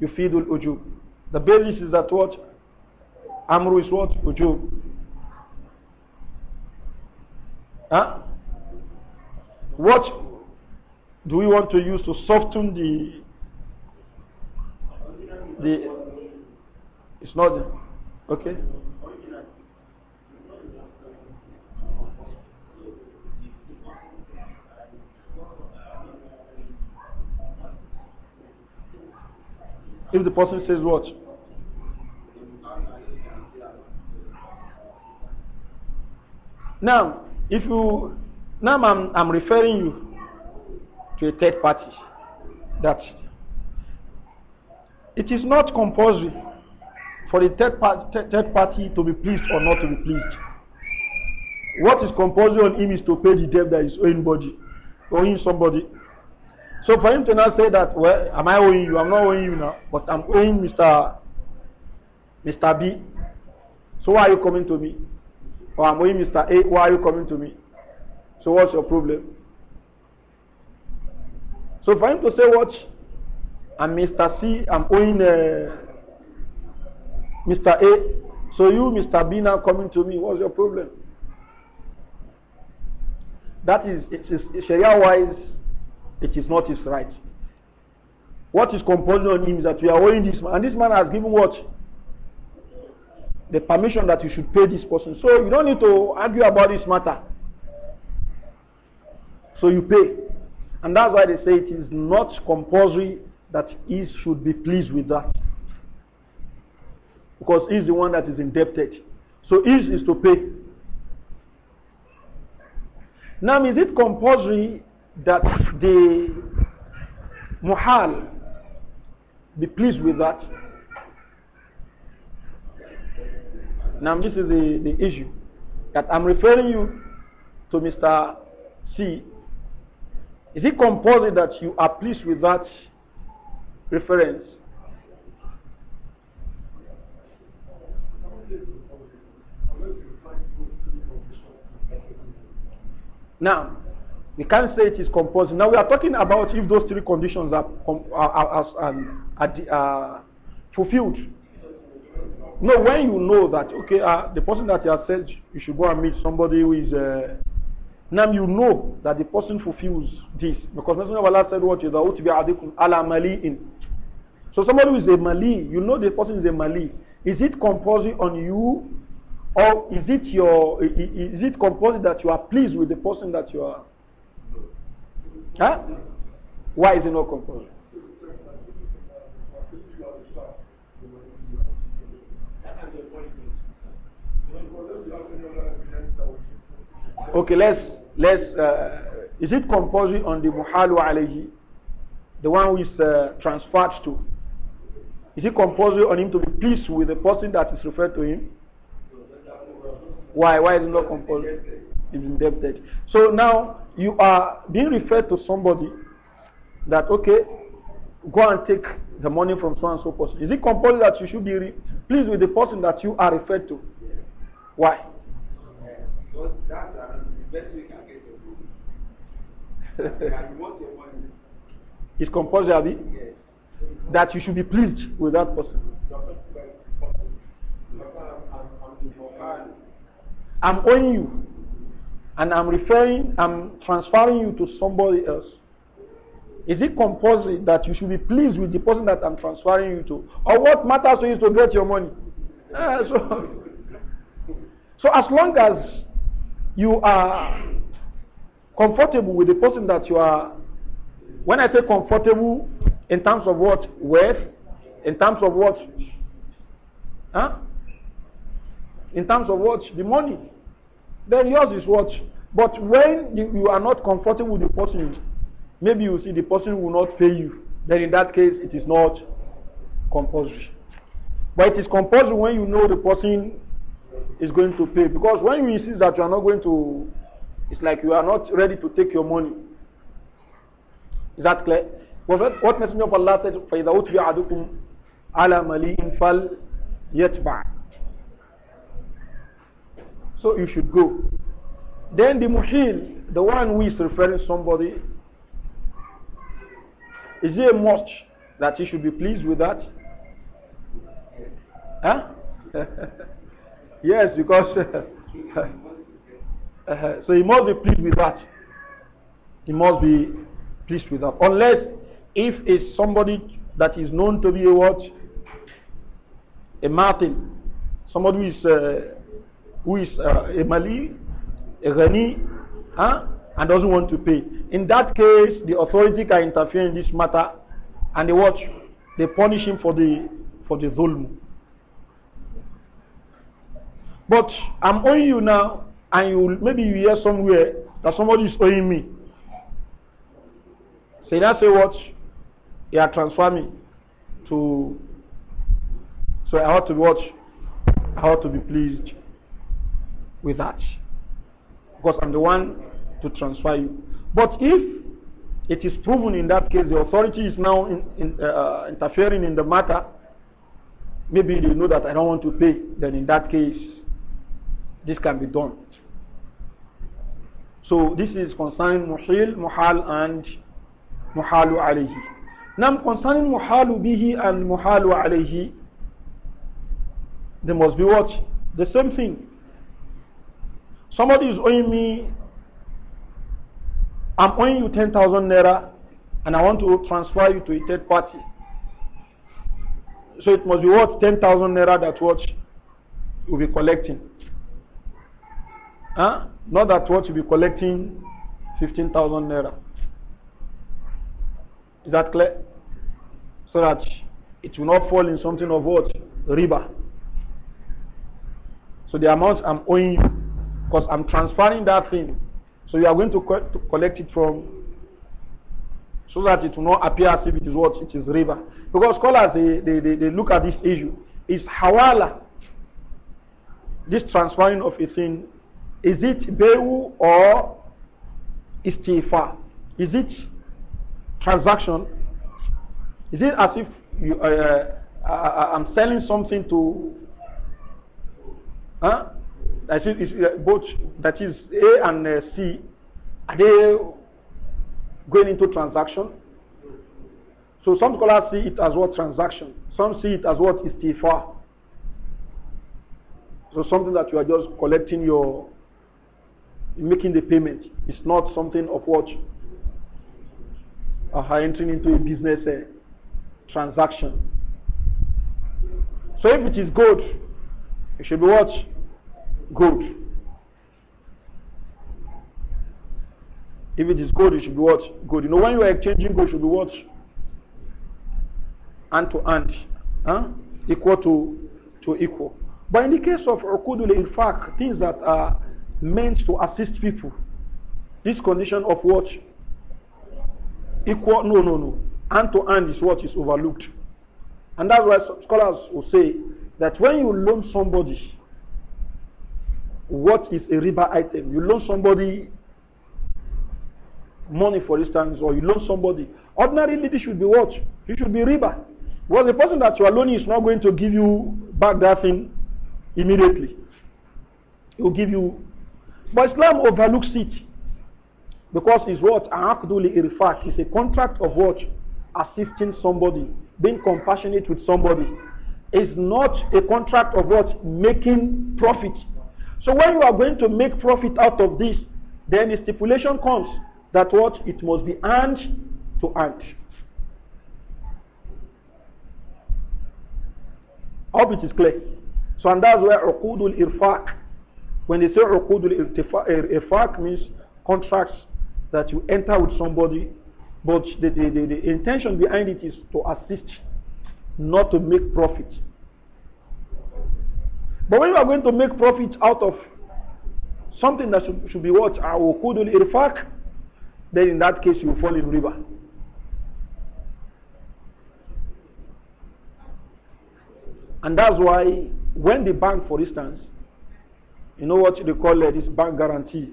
[SPEAKER 1] يُفِيدُ الْأُجُوبِ The basis is that what? أمر is what? Ujub. Huh? What do we want to use to soften the the it's not okay
[SPEAKER 2] If the person says what?
[SPEAKER 1] Now, if you now I'm, I'm referring you to a third party. That it is not compulsory for the third, third party to be pleased or not to be pleased. What is compulsory on him is to pay the debt that is owing body, owing somebody. So for him to now say that, well, am I owing you? I'm not owing you now, but I'm owing Mr. Mr. B. So why are you coming to me? Or I'm owing Mr. A. Why are you coming to me? So what's your problem? So for him to say what? I'm Mr. C. I'm owing uh, Mr. A. So you, Mr. B, now coming to me. What's your problem? That is, it is Sharia wise it is not his right. What is compulsory on him is that we are owing this man. And this man has given what? The permission that you should pay this person. So you don't need to argue about this matter. So you pay. And that's why they say it is not compulsory that he should be pleased with that. Because he's the one that is indebted. So his is to pay. Now, is it compulsory that the muhal be pleased with that. Now this is the, the issue that I'm referring you to Mr. C. Is it composite that you are pleased with that reference? Now, we can't say it is compulsory. Now we are talking about if those three conditions are, are, are, are um, uh, fulfilled. No, when you know that, okay, uh, the person that you have said you should go and meet somebody who is, uh, now you know that the person fulfills this. Because Messenger of Allah said, what is ala in. So somebody who is a Mali, you know the person is a Mali. Is it compulsory on you? Or is it your, is it compulsory that you are pleased with the person that you are Huh? Why is it not compulsory? Okay, let's let's. Uh, is it compulsory on the muhalu alayhi, the one who is uh, transferred to? Is it compulsory on him to be pleased with the person that is referred to him? Why? Why is it not compulsory? He's indebted. So now you are being referred to somebody that, okay, go and take the money from so and so person. Is it compulsory that you should be pleased with the person that you are referred to? Yes. Why?
[SPEAKER 2] Because that's the best way can get you want your money.
[SPEAKER 1] It's compulsory,
[SPEAKER 2] Yes. That you should be
[SPEAKER 1] pleased with that person. I'm owing you. and I'm referring, I'm transferring you to somebody else. Is it compulsory that you should be pleased with the person that I'm transferring you to? Or what matters to you is to get your money?
[SPEAKER 2] Uh, so,
[SPEAKER 1] so as long as you are comfortable with the person that you are, when I say comfortable, in terms of what? Wealth? In terms of what? Huh? In terms of what? The money then yours is what. But when you are not comfortable with the person, maybe you see the person will not pay you. Then in that case, it is not compulsory. But it is compulsory when you know the person is going to pay. Because when you insist that you are not going to, it's like you are not ready to take your money. Is that clear? What Messenger of Allah said, فَإِذَا أُتْبِعَ عَدُكُمْ عَلَى مَلِيٍ فَلْيَتْبَعَ so you should go. Then the muhil, the one who is referring somebody, is it a must that he should be pleased with that? Huh? yes, because uh, so he must be pleased with that. He must be pleased with that. Unless if it's somebody that is known to be a what? A Martin, somebody who is uh, who is uh, a Mali, a Rani, huh? and doesn't want to pay. In that case, the authority can interfere in this matter and they watch, they punish him for the, for the zulm. But I'm owing you now, and you maybe you hear somewhere that somebody is owing me. Say that's that say what? You are transforming to so I ought to watch, I ought to be pleased with that. Because I'm the one to transfer you. But if it is proven in that case, the authority is now in, in, uh, interfering in the matter, maybe they know that I don't want to pay, then in that case, this can be done. So this is concerning muhil, muhal, and muhalu alayhi. Now concerning muhalu bihi and muhalu alayhi, they must be watched. The same thing. Somebody is owing me, I'm owing you 10,000 naira and I want to transfer you to a third party. So it must be worth 10,000 naira that what you'll be collecting. Huh? Not that what you'll be collecting 15,000 naira. Is that clear? So that it will not fall in something of what? Riba. So the amount I'm owing because I'm transferring that thing. So you are going to, co to collect it from, so that it will not appear as if it is what? It is river. Because scholars, they, they, they, they look at this issue. Is hawala, this transferring of a thing, is it beu or istifa? Is it transaction? Is it as if you, uh, uh, uh I, am selling something to, huh? that is, uh, both that is A and uh, C, are they going into transaction? So some scholars see it as what transaction. Some see it as what istighfar. So something that you are just collecting your, making the payment. It's not something of what uh, entering into a business uh, transaction. So if it is good, it should be what gold. If it is gold, it should be what? Good. You know, when you are exchanging gold, should be what? Hand to hand. Huh? Equal to, to equal. But in the case of Ukudul, in fact, things that are meant to assist people, this condition of what? Equal, no, no, no. Hand to hand is what is overlooked. And that's why scholars will say that when you loan somebody, what is a riba item? You loan somebody money, for instance, or you loan somebody. Ordinarily, this should be what? you should be riba. Well, the person that you are loaning is not going to give you back that thing immediately. He will give you. But Islam overlooks it because it's what? Aqdul irfaq. It's a contract of what? Assisting somebody, being compassionate with somebody. It's not a contract of what? Making profit so when you are going to make profit out of this, then the stipulation comes that what it must be earned to earned. hope it is clear. So and that's where uqudul irfaq. When they say uqudul irfaq means contracts that you enter with somebody, but the, the, the, the intention behind it is to assist, not to make profit. But when you are going to make profit out of something that should, should be what? Awukudul ah, irfaq, then in that case you fall in river. And that's why when the bank, for instance, you know what they call uh, this bank guarantee,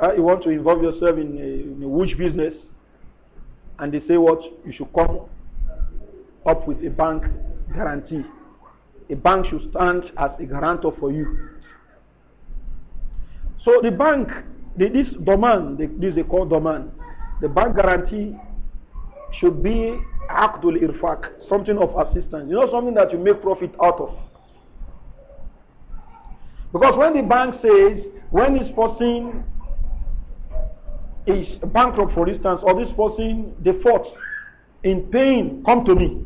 [SPEAKER 1] uh, you want to involve yourself in a, in a witch business, and they say what you should come up with a bank guarantee a bank should stand as a guarantor for you. So the bank, the, this demand, the, this they call demand, the bank guarantee should be in fact something of assistance. You know, something that you make profit out of. Because when the bank says, when this person is bankrupt, for instance, or this person defaults in paying, come to me.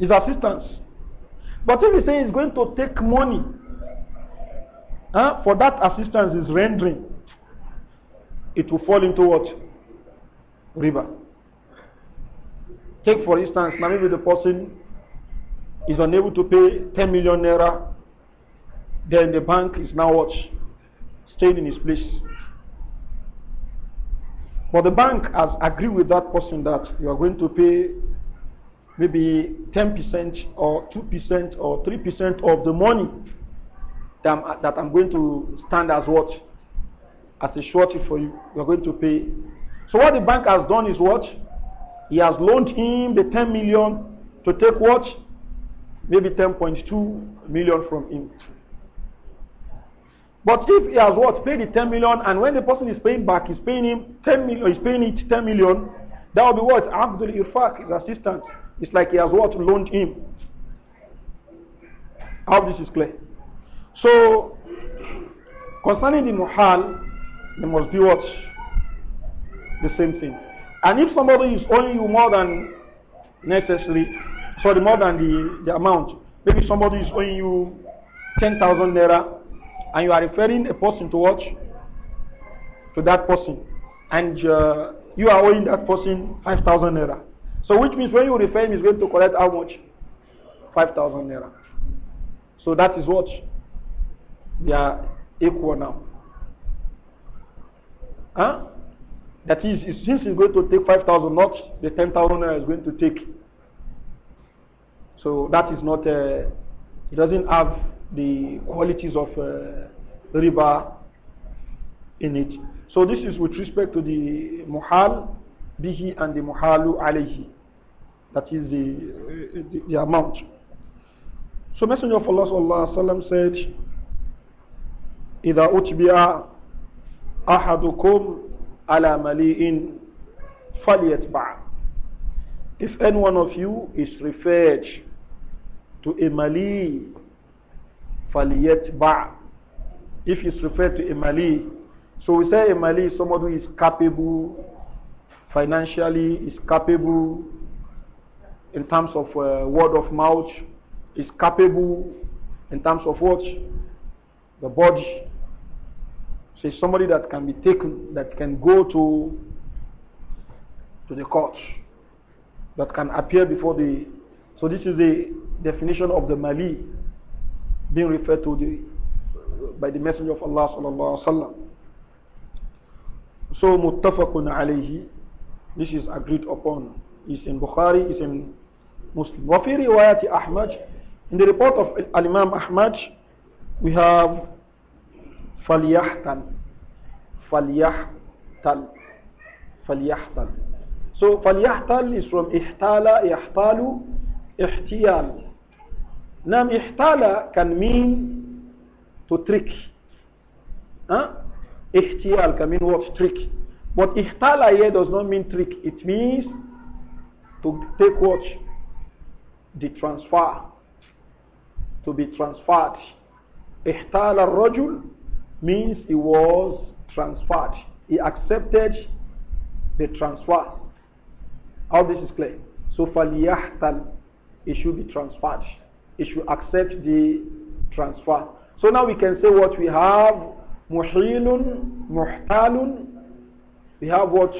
[SPEAKER 1] His assistance. But if he says he's going to take money huh, for that assistance is rendering, it will fall into what? River. Take for instance, now maybe the person is unable to pay 10 million naira, then the bank is now what? Staying in his place. But the bank has agreed with that person that you are going to pay maybe 10% or 2% or 3% of the money that I'm, that I'm going to stand as what? As a surety for you. You're going to pay. So what the bank has done is what? He has loaned him the 10 million to take what? Maybe 10.2 million from him. But if he has what? Paid the 10 million and when the person is paying back, he's paying him 10 million, he's paying it 10 million, that will be what? Abdul fact his assistant. It's like he has what loaned him. I hope this is clear. So, concerning the muhal, they must be what? The same thing. And if somebody is owing you more than necessary, sorry, more than the, the amount, maybe somebody is owing you 10,000 naira and you are referring a person to watch to that person and uh, you are owing that person 5,000 naira. So which means when you refer him, he's going to collect how much? 5,000 naira. So that is what? They are equal now. Huh? That is, since he's going to take 5,000 knots, the 10,000 naira is going to take. So that is not, uh, it doesn't have the qualities of uh, riba in it. So this is with respect to the muhal bihi and the muhalu alayhi. That is the, the, the amount. So Messenger of Allah sallallahu said, إذا أتبع أحدكم على مليء فليتبع If any one of you is referred to a mali, فليتبع If it's referred to a mali, so we say a mali is someone who is capable, financially is capable, in terms of uh, word of mouth, is capable in terms of what? The body. So it's somebody that can be taken, that can go to, to the court, that can appear before the. So this is the definition of the Mali being referred to the, by the Messenger of Allah sallallahu alaihi wasallam. So muttafaqun alayhi, this is agreed upon. It's in Bukhari, it's in Muslim. وفي رواية أحمد In the report of Al-Imam Ahmad, we have فَلْيَحْتَلْ فَلْيَحْتَلْ فَلْيَحْتَلْ So فَلْيَحْتَلْ is from احتال يحتال احتيال Now احتال can mean to trick. Huh? can mean what? Trick. But ihtala here does not mean trick. It means to take watch the transfer to be transferred. Ihtal al-rajul means he was transferred. He accepted the transfer. All this is clear. So فَلْيَحْتَلْ It should be transferred. It should accept the transfer. So now we can say what we have. Muhilun, muhtalun. We have what?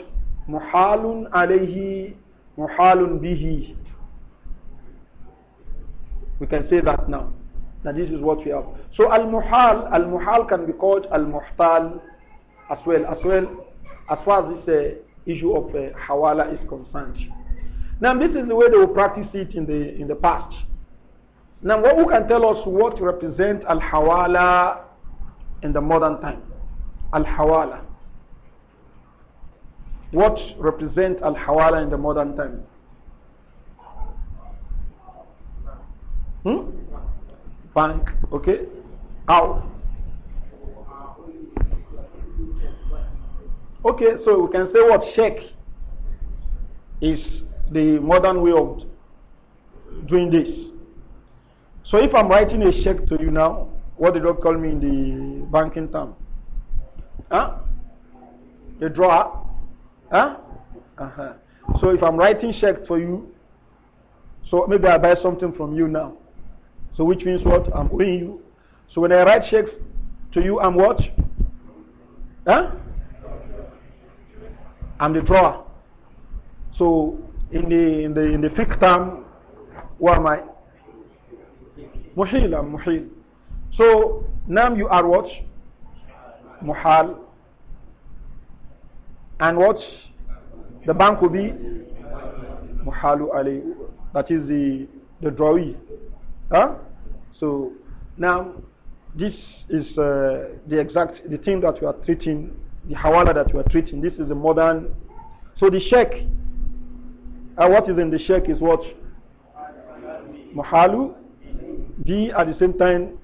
[SPEAKER 1] Muhalun alayhi, muhalun bihi. We can say that now. Now this is what we have. So al-muhal, al-muhal can be called al-muhtal as well, as well as far as this uh, issue of uh, hawala is concerned. Now this is the way they will practice it in the in the past. Now what who can tell us what represents al-hawala in the modern time? Al-hawala. What represents al-hawala in the modern time? Hmm? Bank, okay? Out. Okay, so we can say what check is the modern way of doing this. So if I'm writing a check to you now, what did you call me in the banking term? Huh? A drawer? Huh? Uh-huh. So if I'm writing check for you, so maybe I buy something from you now. So which means what? I'm owing you. So when I write check to you, I'm what? Huh? I'm the drawer. So in the in the in the fiqh term, what am I? Muhil, I'm muhil. So now you are what? Muhal. And what? The bank will be Muhalu Ali. That is the the drawee. Huh? So now this is uh, the exact the thing that we are treating, the hawala that we are treating. This is the modern. So the sheikh, uh, what is in the sheikh is what muhalu. B at the same time,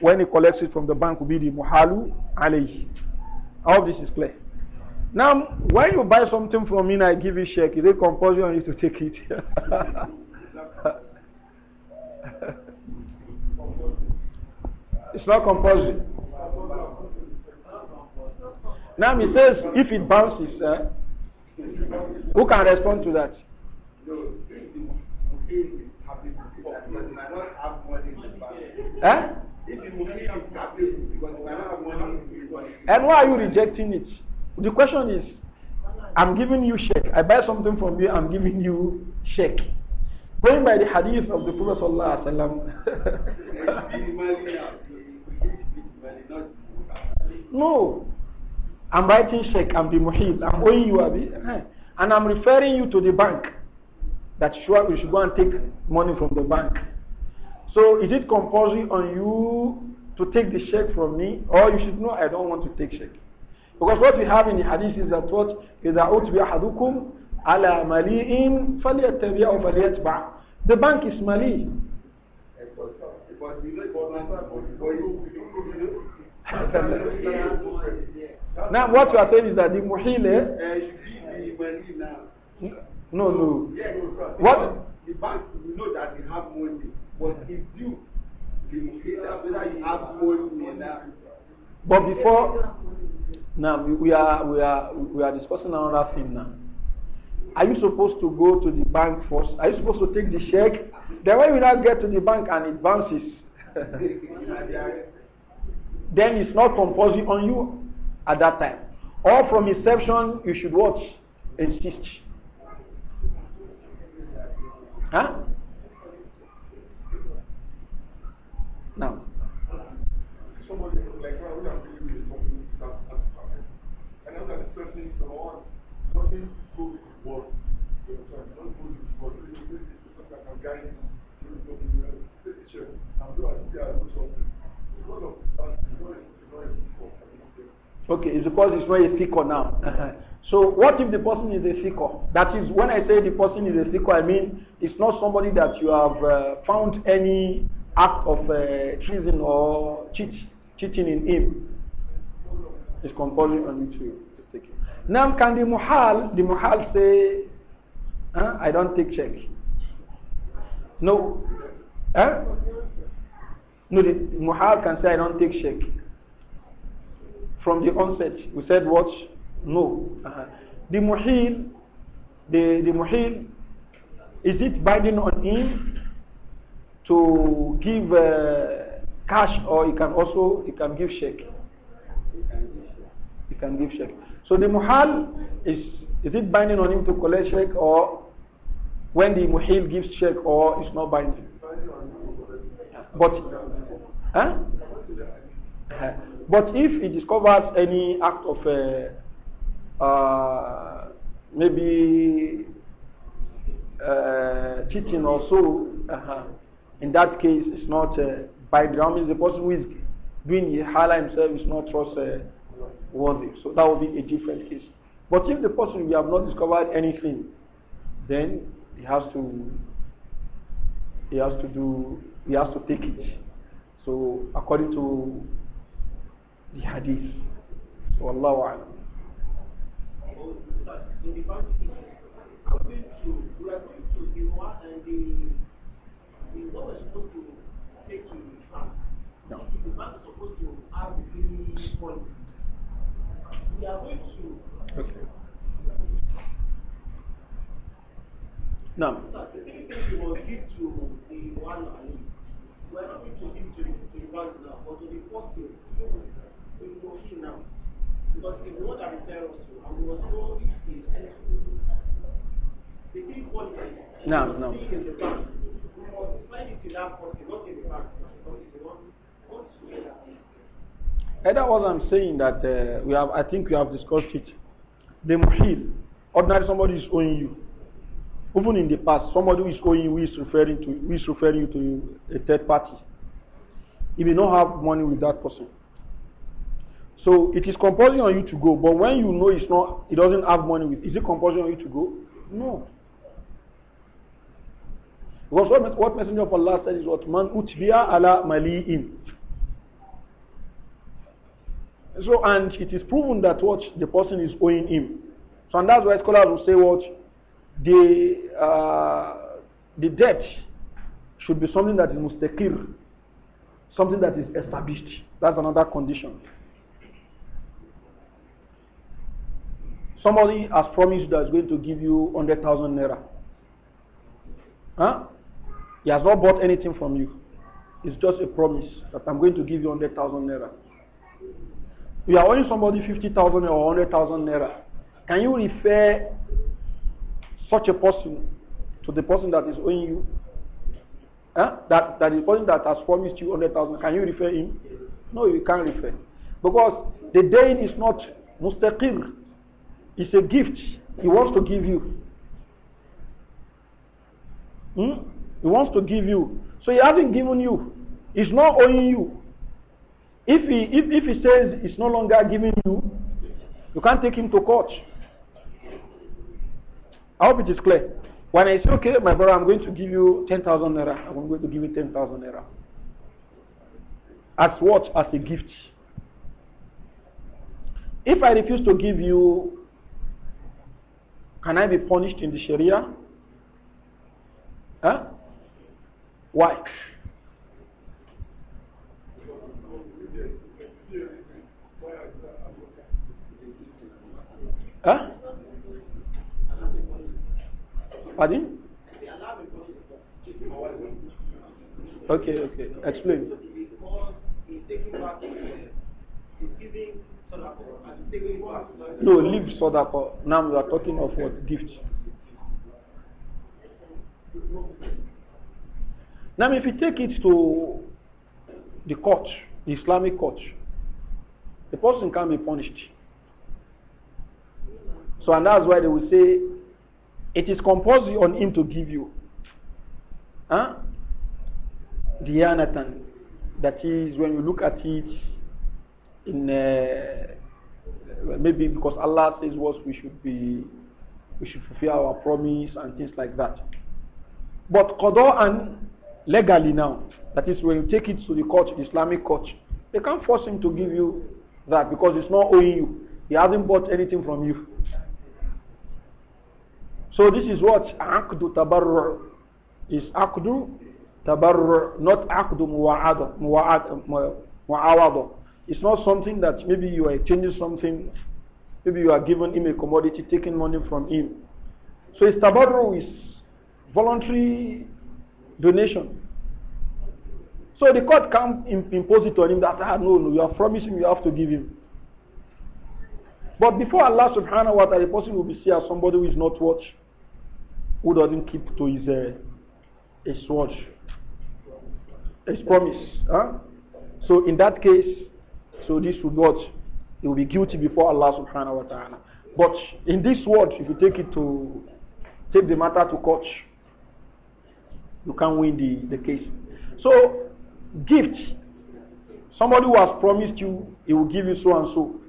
[SPEAKER 1] when he collects it from the bank, will be the muhalu alayhi. All this is clear. Now, when you buy something from me and I give you sheikh, is it compulsory on you to take it? It's not compulsory.
[SPEAKER 2] Now he says if it
[SPEAKER 1] bounces, eh?
[SPEAKER 2] who can respond to that? Eh?
[SPEAKER 1] And why are you rejecting it? The question is, I'm giving you shake. I buy something from you, I'm giving you shake. Going by the hadith of the Prophet Sallallahu Alaihi
[SPEAKER 2] Wasallam.
[SPEAKER 1] No. I'm writing check, I'm the muhib, I'm owing you, Abi. Eh, and I'm referring you to the bank. That sure you should go and take money from the bank. So is it compulsory on you to take the check from me? Or you should know I don't want to take check. Because what we have in the hadith is that what is that ahadukum ala mali'in falyattabi'u falyatba'. The bank is mali.
[SPEAKER 2] now what you are saying is that the muhile. Eh? No, no. What? The bank, we know that they have money, but if you the muhile whether you have money or not. But before,
[SPEAKER 1] now we are we are we are discussing another thing now. Are you supposed to go to the bank first? Are you supposed to take the check? Then when you now get to the bank and it then it's not compulsory on you at that time. Or from inception, you should watch, insist. is because it's not a thicker now. Uh-huh. so what if the person is a thicker? That is, when I say the person is a thicker, I mean it's not somebody that you have uh, found any act of uh, treason or cheat, cheating in him. It's compulsory on you to, take it. Now, can the muhal, the muhal say, huh? I don't take check? No. Huh? No, the muhal can say, I don't take check from the onset. We said what? No. Uh -huh. The muhil, the, the muhil, is it binding on him to give uh, cash or he can also, he can give shake? He can give shake. So the muhal is, is it binding on him to collect shake or when the muhil gives shake or it's not binding?
[SPEAKER 2] But, huh?
[SPEAKER 1] But if he discovers any act of uh, uh, maybe uh, cheating or so, -huh. in that case, it's not uh, by the means the person who is doing the hala himself is not trustworthy. So that would be a different case. But if the person we have not discovered anything, then he has to he has to do he has to take it. So according to the hadith.
[SPEAKER 2] So Allah Alam. According we are going to No. Okay. No we Because the one that referred us to, and we were told is the big one is no, no. in the bank. We must find it in that pocket, not in the bank.
[SPEAKER 1] And that was I'm saying that uh, we have I think we have discussed it. The muhil, ordinary somebody is owing you. Even in the past, somebody who is owing you is referring to who is referring you to a third party. If you don't have money with that person, so it is compulsory on you to go, but when you know it's not, it doesn't have money with, is it compulsory on you to go? No. Because what, what Messenger of Allah said is what man utbiya ala mali'in. So, and it is proven that what the person is owing him. So, and that's why scholars will say what the, uh, the debt should be something that is mustaqir, something that is established. That's another condition. Somebody has promised that is going to give you 100,000 naira. Huh? He has not bought anything from you. It's just a promise that I'm going to give you 100,000 naira. You are owing somebody 50,000 or 100,000 naira. Can you refer such a person to the person that is owing you? Huh? That, that is the person that has promised you 100,000. Can you refer him? No, you can't refer. Because the day is not mustaqim. It's a gift He wants to give you. Hmm? He wants to give you. So He hasn't given you. He's not owing you. If He, if, if he says it's no longer giving you, you can't take Him to court. I hope it is clear. When I say, okay, my brother, I'm going to give you 10,000 naira, I'm going to give you 10,000 naira. As what? As a gift. If I refuse to give you can I be punished in the Sharia? Huh? Why?
[SPEAKER 2] Huh? Pardon? Okay, okay. Explain. giving no, leave
[SPEAKER 1] Sodako. Now we are talking of what? Gift. Now, if you take it to the court, the Islamic court, the person can be punished. So, and that's why they will say it is compulsory on him to give you. Huh? Diyanatan. That is, when you look at it, in uh, maybe because Allah says what we should be we should fulfill our promise and things like that. But Qadha and legally now, that is when you take it to the court, the Islamic court, they can't force him to give you that because it's not owing you. He hasn't bought anything from you. So this is what akdu tabarr is akdu tabarr, not akdu muwa'ada, muwa'ada, it's not something that maybe you are exchanging something, maybe you are giving him a commodity, taking money from him. So it's tabarru is voluntary donation. So the court can't impose it on him that, ah, no, no, you are promising you have to give him. But before Allah subhanahu wa ta'ala, the person will be seen as somebody who is not watch, Who doesn't keep to his, uh, his watch, his promise. Huh? So in that case, so this would not, it will be guilty before Allah subhanahu wa ta'ala. But in this world, if you take it to take the matter to court, you can't win the, the case. So gift. Somebody who has promised you, he will give you so and so.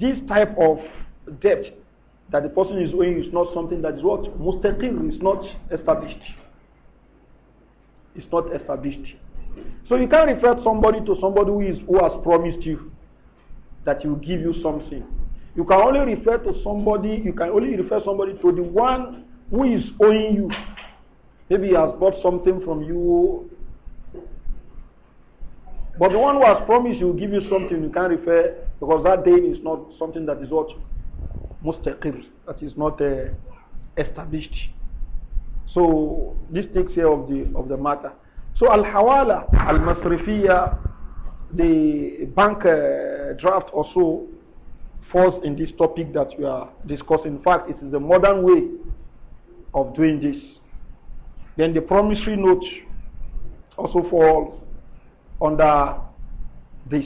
[SPEAKER 1] This type of debt that the person is owing is not something that is what? Mustaqim is not established. It's not established. So you can't refer somebody to somebody who, is, who has promised you that he will give you something. You can only refer to somebody, you can only refer somebody to the one who is owing you. Maybe he has bought something from you. But the one who has promised you will give you something, you can't refer because that day is not something that is what mustaqir, that is not uh, established. So this takes care of the of the matter. So al-hawala, al-masrifiyya, the bank uh, draft also falls in this topic that we are discussing. In fact, it is the modern way of doing this. Then the promissory note also falls under this.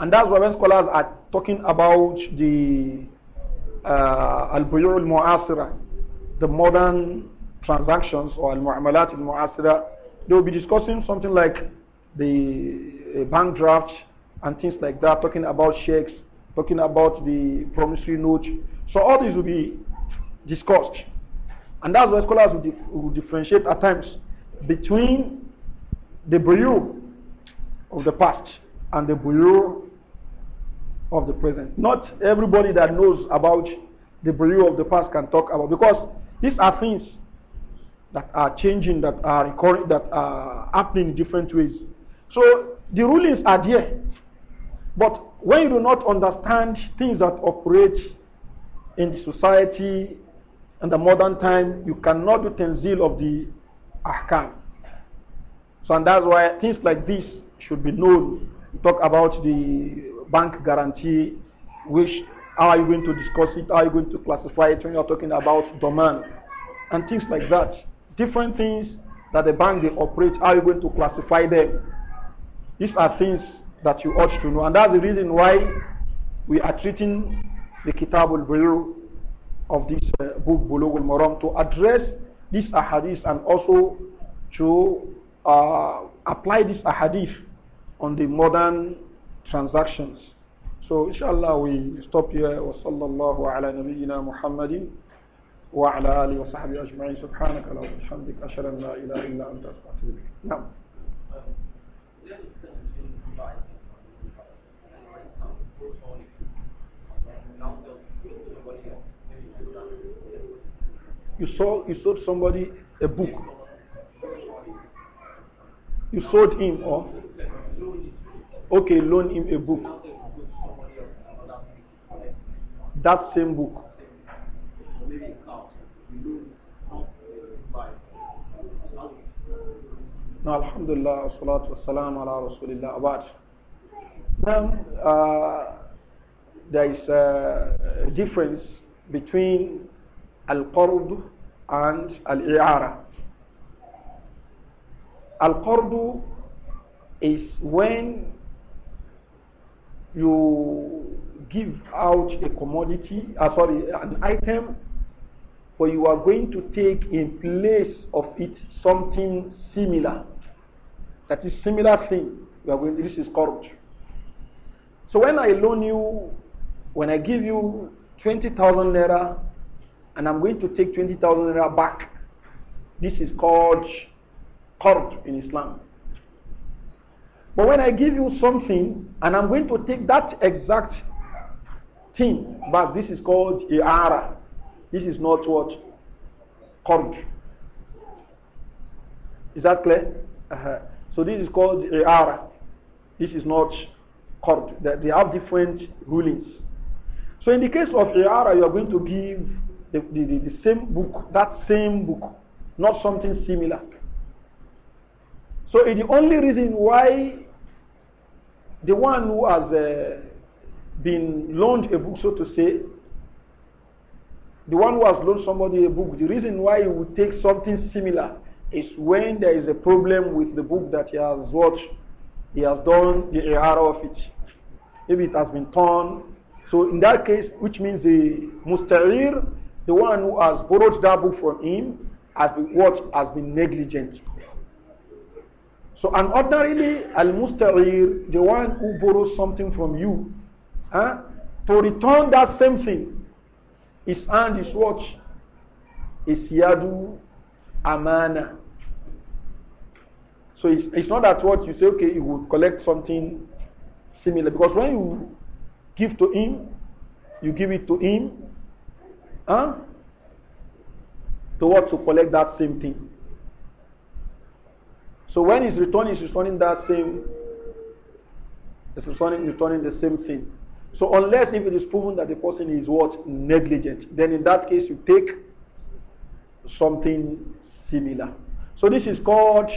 [SPEAKER 1] And that's why when scholars are talking about the uh, al-buyu' al-mu'asira, the modern transactions or al-mu'amalat al-mu'asira, they will be discussing something like the uh, bank draft and things like that, talking about checks, talking about the promissory note. So all these will be discussed. And that's where scholars will, will differentiate at times between the bureau of the past and the bureau of the present. Not everybody that knows about the bureau of the past can talk about because these are things that are changing, that are recurring, that are happening in different ways. So the rulings are there. But when you do not understand things that operate in the society in the modern time, you cannot do tenzil of the ahkam. So and that's why things like this should be known. talk about the bank guarantee, which how are you going to discuss it, how are you going to classify it when you're talking about domain and things like that different things that the bank they operate, how are you going to classify them? These are things that you ought to know. And that's the reason why we are treating the Kitabul al of this uh, book, Bulugh al to address these ahadith and also to uh, apply this ahadith on the modern transactions. So inshallah we stop here. وعلى آله وصحبه أجمعين سبحانك اللهم وبحمدك أشهد أن لا إله إلا أنت أستغفرك نعم You sold, you sold somebody a book. You sold him or?
[SPEAKER 2] Okay, loan him a book.
[SPEAKER 1] That same book. Now, Alhamdulillah, salatu wassalam ala Rasulillah, abad. Now, uh, there is a difference between al-qard and al-i'ara. Al-qard is when you give out a commodity, uh, sorry, an item but you are going to take in place of it something similar. That is similar thing. You are going, this is corrupt. So when I loan you, when I give you 20,000 naira, and I'm going to take 20,000 naira back, this is called corrupt in Islam. But when I give you something and I'm going to take that exact thing back, this is called i'ara. This is not what court. Is that clear? Uh -huh. So this is called i'ara. This is not court. They have different rulings. So in the case of i'ara, you are going to give the, the, the, same book, that same book, not something similar. So the only reason why the one who has uh, been loaned a book, so to say, the one who has loaned somebody a book, the reason why he would take something similar is when there is a problem with the book that he has watched, he has done the error of it. Maybe it has been torn. So in that case, which means the mustarir, the one who has borrowed that book from him, has been watched, has been negligent. So and ordinarily, al mustarir, the one who borrows something from you, huh, to return that same thing His hand is what? Is Yadu Amana. So it's, it's not that what you say, okay, you would collect something similar. Because when you give to him, you give it to him, huh? To what? To collect that same thing. So when he's returning, he's returning that same, he's returning, returning the same thing. So unless if it is proven that the person is what? Negligent. Then in that case you take something similar. So this is called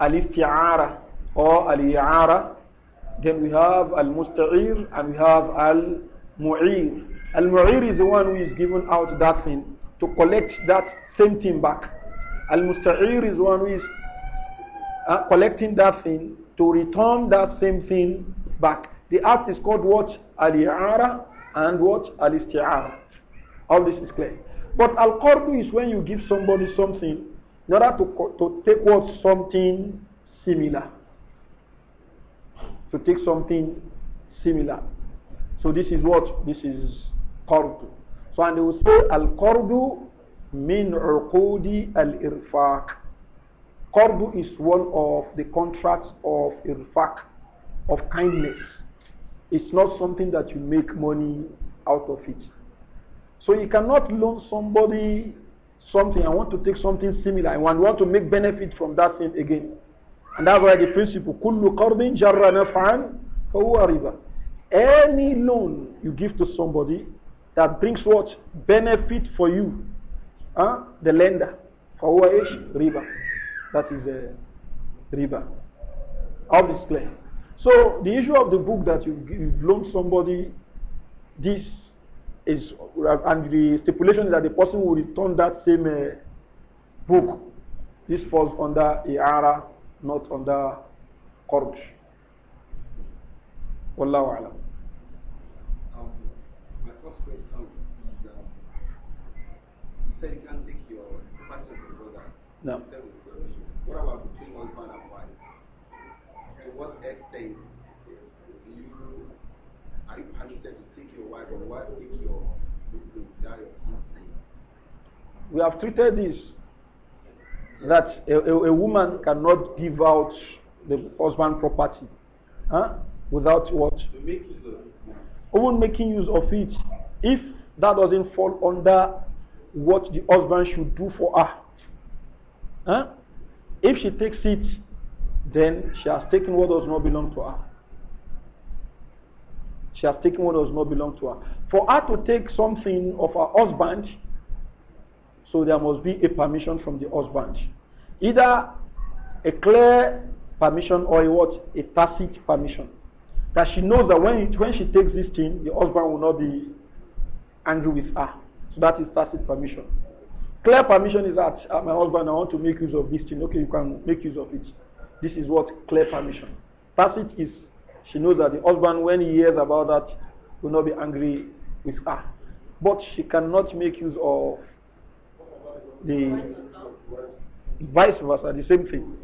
[SPEAKER 1] al-isti'ara or al-i'ara. Then we have al-musta'ir and we have al-mu'ir. Al-mu'ir is the one who is given out that thing to collect that same thing back. Al-musta'ir is the one who is uh, collecting that thing to return that same thing back. The act is called what? Al-i'ara and what? Al-isti'ara. All this is clear. But al-qardu is when you give somebody something in order to, to take what? Something similar. To take something similar. So this is what? This is qardu. So and they will say al-qardu min uqudi al-irfaq. Qardu is one of the contracts of irfaq, of kindness. It's not something that you make money out of it. So you cannot loan somebody something. I want to take something similar. I want, want to make benefit from that thing again. And that's why the principle, كُلُّ قَرْضٍ جَرَّ نَفْعًا فَهُوَ رِبًا Any loan you give to somebody that brings what? Benefit for you. Huh? The lender. فَهُوَ riba. That is a uh, riba. All this clear. So the issue of the book that you, you've loaned somebody, this is, and the stipulation is that the person will return that same uh, book. This falls under Iara, not under Qurj. Wallahu alam.
[SPEAKER 2] Um, um, no. What about between husband and what act then you, are you permitted to take your wife or take your without your consent?
[SPEAKER 1] We have treated this that a, a, a, woman cannot give out the husband property huh? without what?
[SPEAKER 2] Even
[SPEAKER 1] making use of it. If that doesn't fall under what the husband should do for her. Huh? If she takes it then she has taken what does not belong to her. She has taken what does not belong to her. For her to take something of her husband, so there must be a permission from the husband. Either a clear permission or a what? A tacit permission. That she knows that when, it, when she takes this thing, the husband will not be angry with her. So that is tacit permission. Clear permission is that uh, my husband, I want to make use of this thing. Okay, you can make use of it. This is what clear permission. Tacit is she knows that the husband, when he hears about that, will not be angry with her. But she cannot make use of the vice versa, the same thing.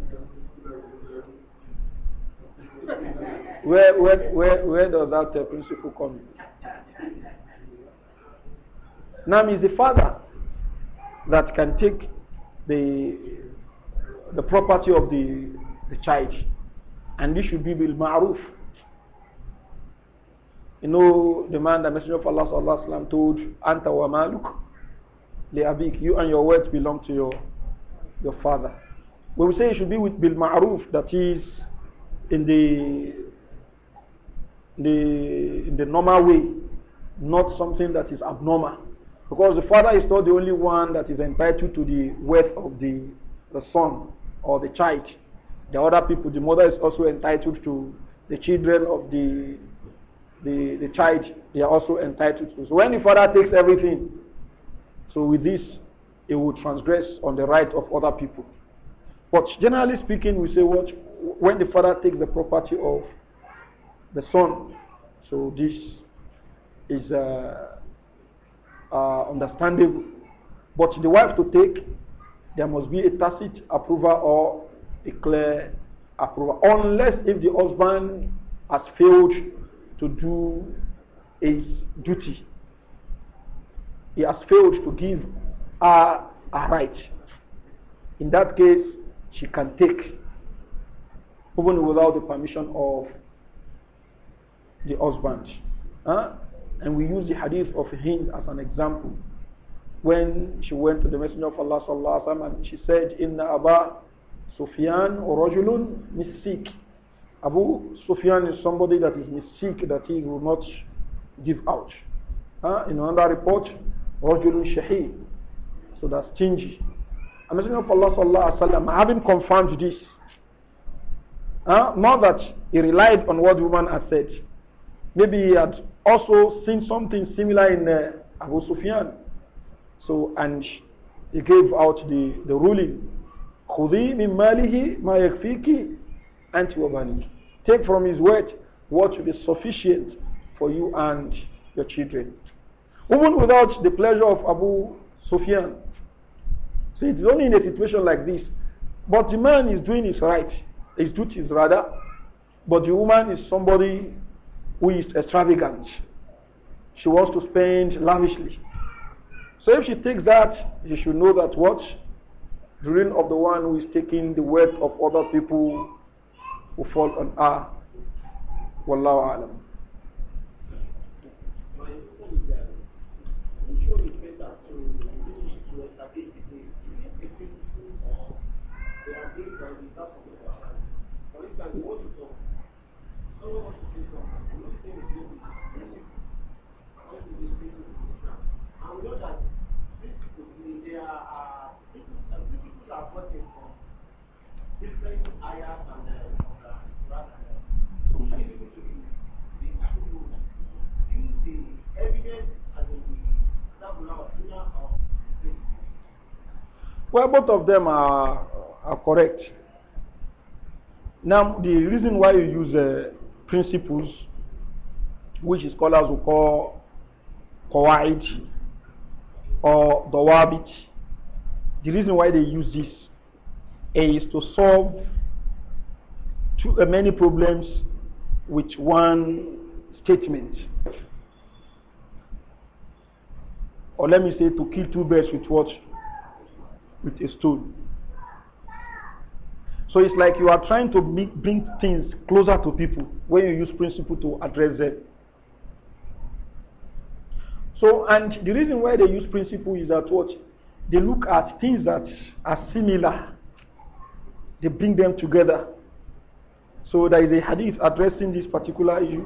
[SPEAKER 2] Where, where, where,
[SPEAKER 1] where does that uh, principle come
[SPEAKER 2] in?
[SPEAKER 1] Nam is the father that can take the, the property of the the child. And this should be bil ma'ruf. You know the man the Messenger of Allah sallallahu alaihi wasallam told Anta wa maluk abik. You and your wealth belong to your your father. When we say it should be with bil ma'ruf, that is in the the in the normal way, not something that is abnormal. Because the father is not the only one that is entitled to the wealth of the, the son or the child. The other people, the mother is also entitled to the children of the the, the child, they are also entitled to. So when the father takes everything, so with this, it will transgress on the right of other people. But generally speaking, we say what when the father takes the property of the son, so this is uh, uh, understandable. But the wife to take, there must be a tacit approval or a clear approval, unless if the husband has failed to do his duty. He has failed to give her a right. In that case, she can take even without the permission of the husband. Huh? And we use the hadith of Hind as an example. When she went to the Messenger of Allah sallallahu alaihi wasallam, she said, "Inna Aba Sufyan or Rajulun Misik. Abu Sufyan is somebody that is Misik, that he will not give out. Uh, in another report, Rajulun Shahi. So that's stingy. A messenger of Allah sallallahu alaihi wasallam, having confirmed this, uh, that he relied on what the woman had said. Maybe he had also seen something similar in uh, Abu Sufyan. So, and he gave out the, the ruling خذي من ماله ما يكفيك أنت وبنيك Take from his wealth what will be sufficient for you and your children. woman without the pleasure of Abu Sufyan. So it's only in a situation like this. But the man is doing his right, his duties rather. But the woman is somebody who is extravagant. She wants to spend lavishly. So if she takes that, you should know that what the reign of the one who is taking the wealth of other people who fall on us. Wallahu alam. Well, both of them are, are correct. Now, the reason why you use uh, principles, which scholars will call kawaiti or dawabiti, the reason why they use this is to solve too, uh, many problems with one statement. Or let me say to kill two birds with what? With a stone. So it's like you are trying to make, bring things closer to people when you use principle to address them. So, and the reason why they use principle is that what they look at things that are similar. They bring them together. So there is a hadith addressing this particular issue,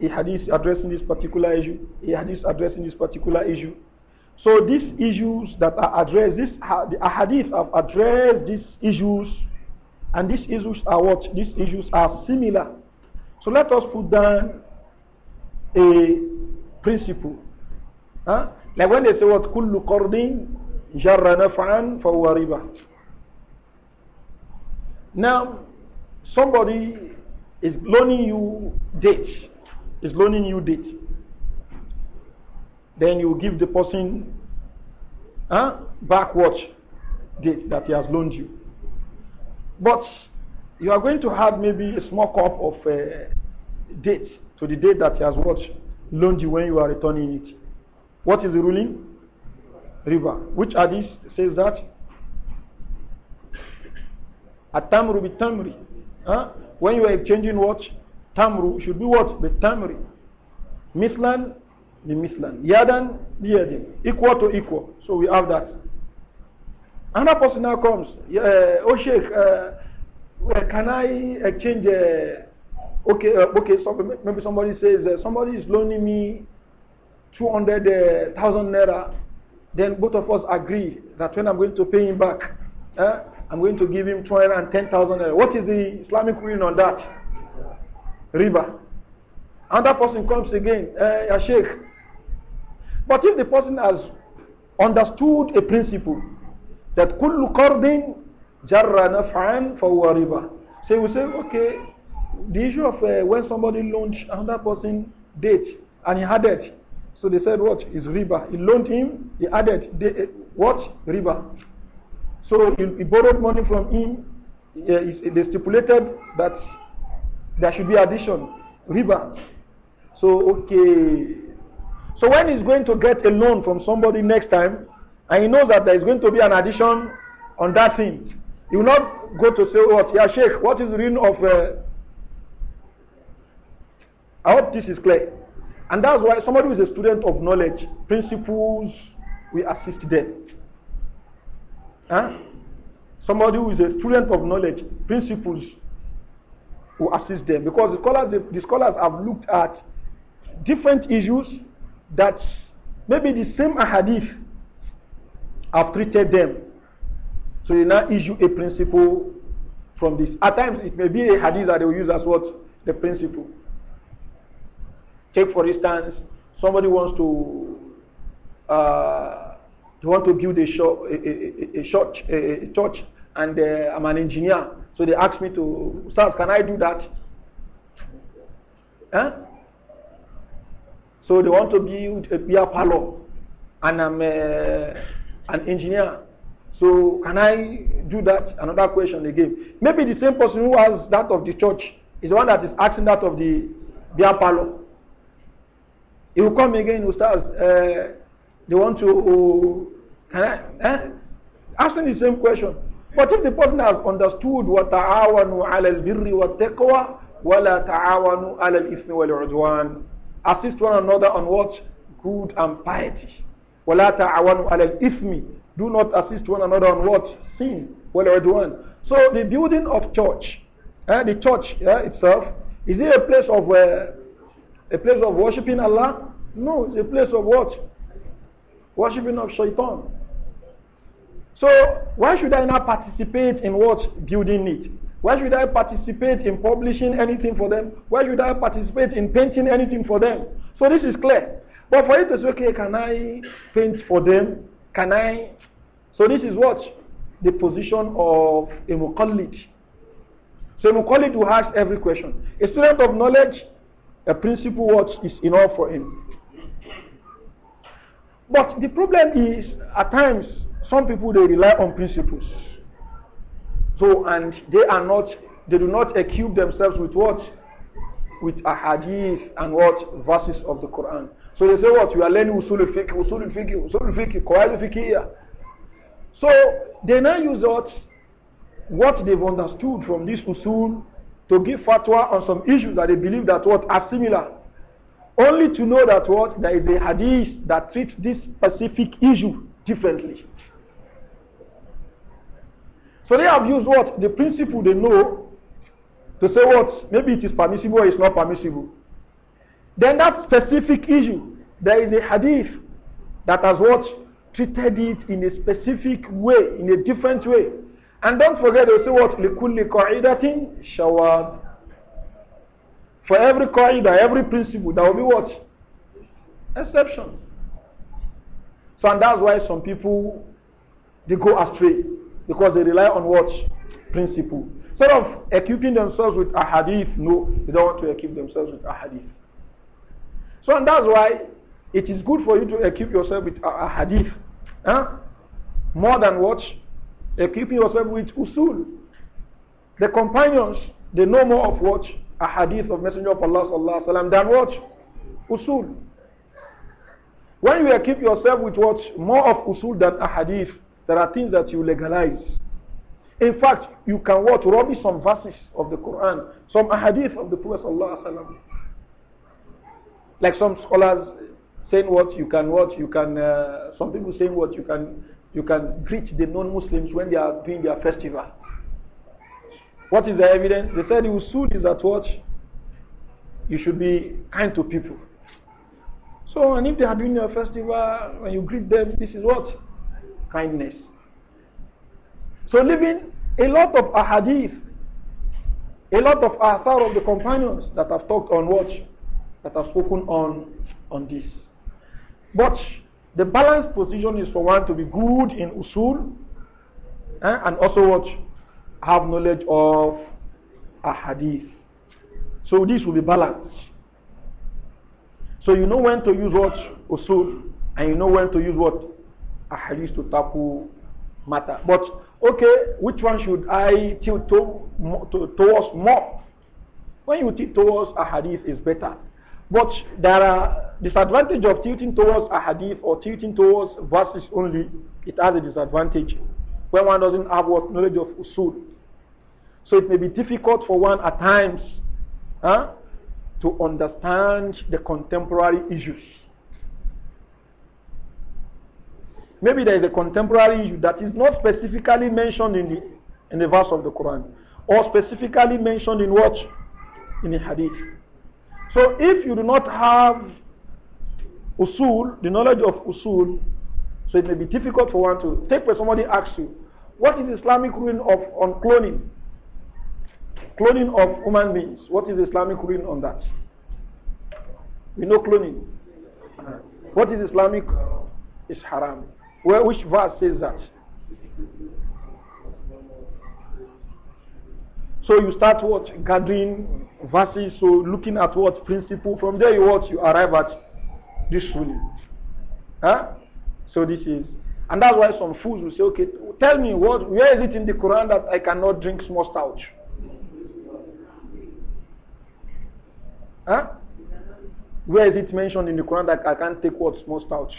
[SPEAKER 1] a hadith addressing this particular issue, a hadith addressing this particular issue. So these issues that are addressed, this the hadith have addressed these issues, and these issues are what? These issues are similar. So let us put down a principle. Huh? Like when they say what kullu qardin جر نفعا فهو ربا now somebody is loaning you date is loaning you date then you give the person huh, back what date that he has loaned you but you are going to have maybe a small cup of uh, date to the date that he has what loaned you when you are returning it what is the ruling River, Which hadith says that? At-tamru tamri Huh? When you are exchanging what? Tamru should be what? Bit-tamri. Mislan bi mislan. Yadan bi yadin. Equal to equal. So we have that. Another person now comes. Uh, oh Sheikh, uh, can I exchange? Uh, okay, uh, okay. So maybe somebody says uh, somebody is loaning me two hundred uh, thousand naira then both of us agree that when I'm going to pay him back, eh, I'm going to give him 210,000. What is the Islamic ruling on that? Riba. And that person comes again, eh, a sheikh. But if the person has understood a principle that kullu qardin jarra naf'an fahuwa riba. So we say, okay, the issue of uh, when somebody launched another person date and he had it, so they said, what is riba? He loaned him, he added, eh, what? Riba. So he, he borrowed money from him. He, he, they stipulated that there should be addition, riba. So, okay. So when he's going to get a loan from somebody next time, and he knows that there is going to be an addition on that thing, he will not go to say, what? Yeah, Sheikh, what is the reason of... Uh, I hope this is clear. And that's why somebody who is a student of knowledge, principles, we assist them. Huh? Somebody who is a student of knowledge, principles, will assist them. Because the scholars, the, the scholars have looked at different issues that maybe the same hadith have treated them. So they now issue a principle from this. At times, it may be a hadith that they will use as what? The principle. Take for instance, somebody wants to uh, they want to build a, short, a, a, a, church, a, a church, and uh, I'm an engineer, so they ask me to, sir, can I do that? Huh? So they want to build a beer parlor, and I'm uh, an engineer. So can I do that? Another question they gave. Maybe the same person who has that of the church is the one that is asking that of the beer parlor. He will come again, Ustaz, uh, they want to, uh, eh? asking the same question. But if the person has understood what ta'awanu ala al-birri wa taqwa wa ta'awanu ala al-ithmi wal udwan assist one another on what good and piety wa la ta'awanu ala al-ithmi do not assist one another on what sin wal udwan so the building of church eh, the church eh, itself is it a place of uh, a place of worshiping Allah no, it's a place of what? Worshipping of shaitan. So why should I not participate in what? Building it. Why should I participate in publishing anything for them? Why should I participate in painting anything for them? So this is clear. But for it to say, okay, can I paint for them? Can I? So this is what? The position of a mukallid. So mukallid will ask every question. A student of knowledge, a principle what is enough for him. But the problem is, at times, some people they rely on principles. So, and they are not, they do not equip themselves with what? With a hadith and what? Verses of the Quran. So they say what? You are learning usul fiqh, usul fiqh, usul fiqh, qawaid So they now use what? What they've understood from this usul to give fatwa on some issues that they believe that what are similar only to know that what? There is a hadith that treats this specific issue differently. So they have used what? The principle they know to say what? Maybe it is permissible or it's not permissible. Then that specific issue, there is a hadith that has what? Treated it in a specific way, in a different way. And don't forget they say what? لِكُلِّ قَعِدَةٍ شَوَابٍ for every qaida, every principle, there will be what? Exception. So and that's why some people they go astray because they rely on what? Principle. Instead of equipping themselves with a hadith, no, they don't want to equip themselves with a hadith. So and that's why it is good for you to equip yourself with a, hadith. Huh? More than what? Equipping yourself with usul. The companions, they know more of what? a hadith of Messenger of Allah sallallahu alaihi wasallam what? Usul. When you keep yourself with what? More of usul than a hadith, there are things that you legalize. In fact, you can watch, Rubbish some verses of the Quran, some hadith of the Prophet sallallahu alaihi wasallam. Like some scholars saying what you can watch, you can uh, some people saying what you can you can greet the non-Muslims when they are doing their festival. What is the evidence? They said usud is that watch. You should be kind to people. So, and if they are doing a festival, when you greet them, this is what? Kindness. So, living a lot of ahadith, a lot of athar of the companions that have talked on watch, That have spoken on, on this. But the balanced position is for one to be good in usul eh, and also watch." have knowledge of a hadith. So this will be balanced. So you know when to use what usul and you know when to use what a hadith to tackle matter. But okay, which one should I tilt to, to, towards more? When you tilt towards a hadith is better. But there are disadvantage of tilting towards a hadith or tilting towards verses only. It has a disadvantage when one doesn't have what knowledge of usul. So it may be difficult for one at times huh, to understand the contemporary issues. Maybe there is a contemporary issue that is not specifically mentioned in the, in the verse of the Quran or specifically mentioned in what? In the hadith. So if you do not have usul, the knowledge of usul, so it may be difficult for one to take when somebody asks you, what is Islamic ruling of on cloning? Cloning of human beings. What is Islamic ruling on that? We know cloning. What is Islamic? It's haram. Where, which verse says that? So you start what? Gathering verses, so looking at what principle. From there you what? You arrive at this ruling. Huh? So this is and that's why some fools will say, okay, tell me what, where is it in the Quran that I cannot drink small stout? Huh? Where is it mentioned in the Quran that I can't take what most out?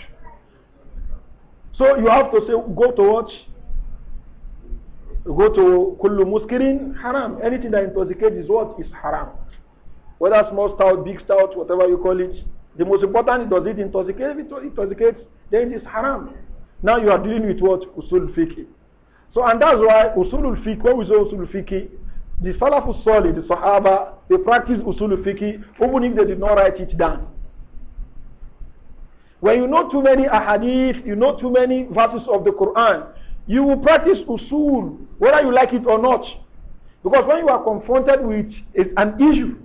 [SPEAKER 1] So you have to say, go to what? Go to kullu muskirin haram. Anything that intoxicates is what? Is haram. Whether small stout, big stout, whatever you call it. The most important is does it intoxicate? If it intoxicates, then it is haram. Now you are dealing with what? Usul fiqh. So and that's why usul fiqh, what we say usul fiqh, the Salafus Sali, the Sahaba, they practiced usul fiqh even if they did not write it down. When you know too many ahadith, you know too many verses of the Quran, you will practice usul whether you like it or not. Because when you are confronted with an issue,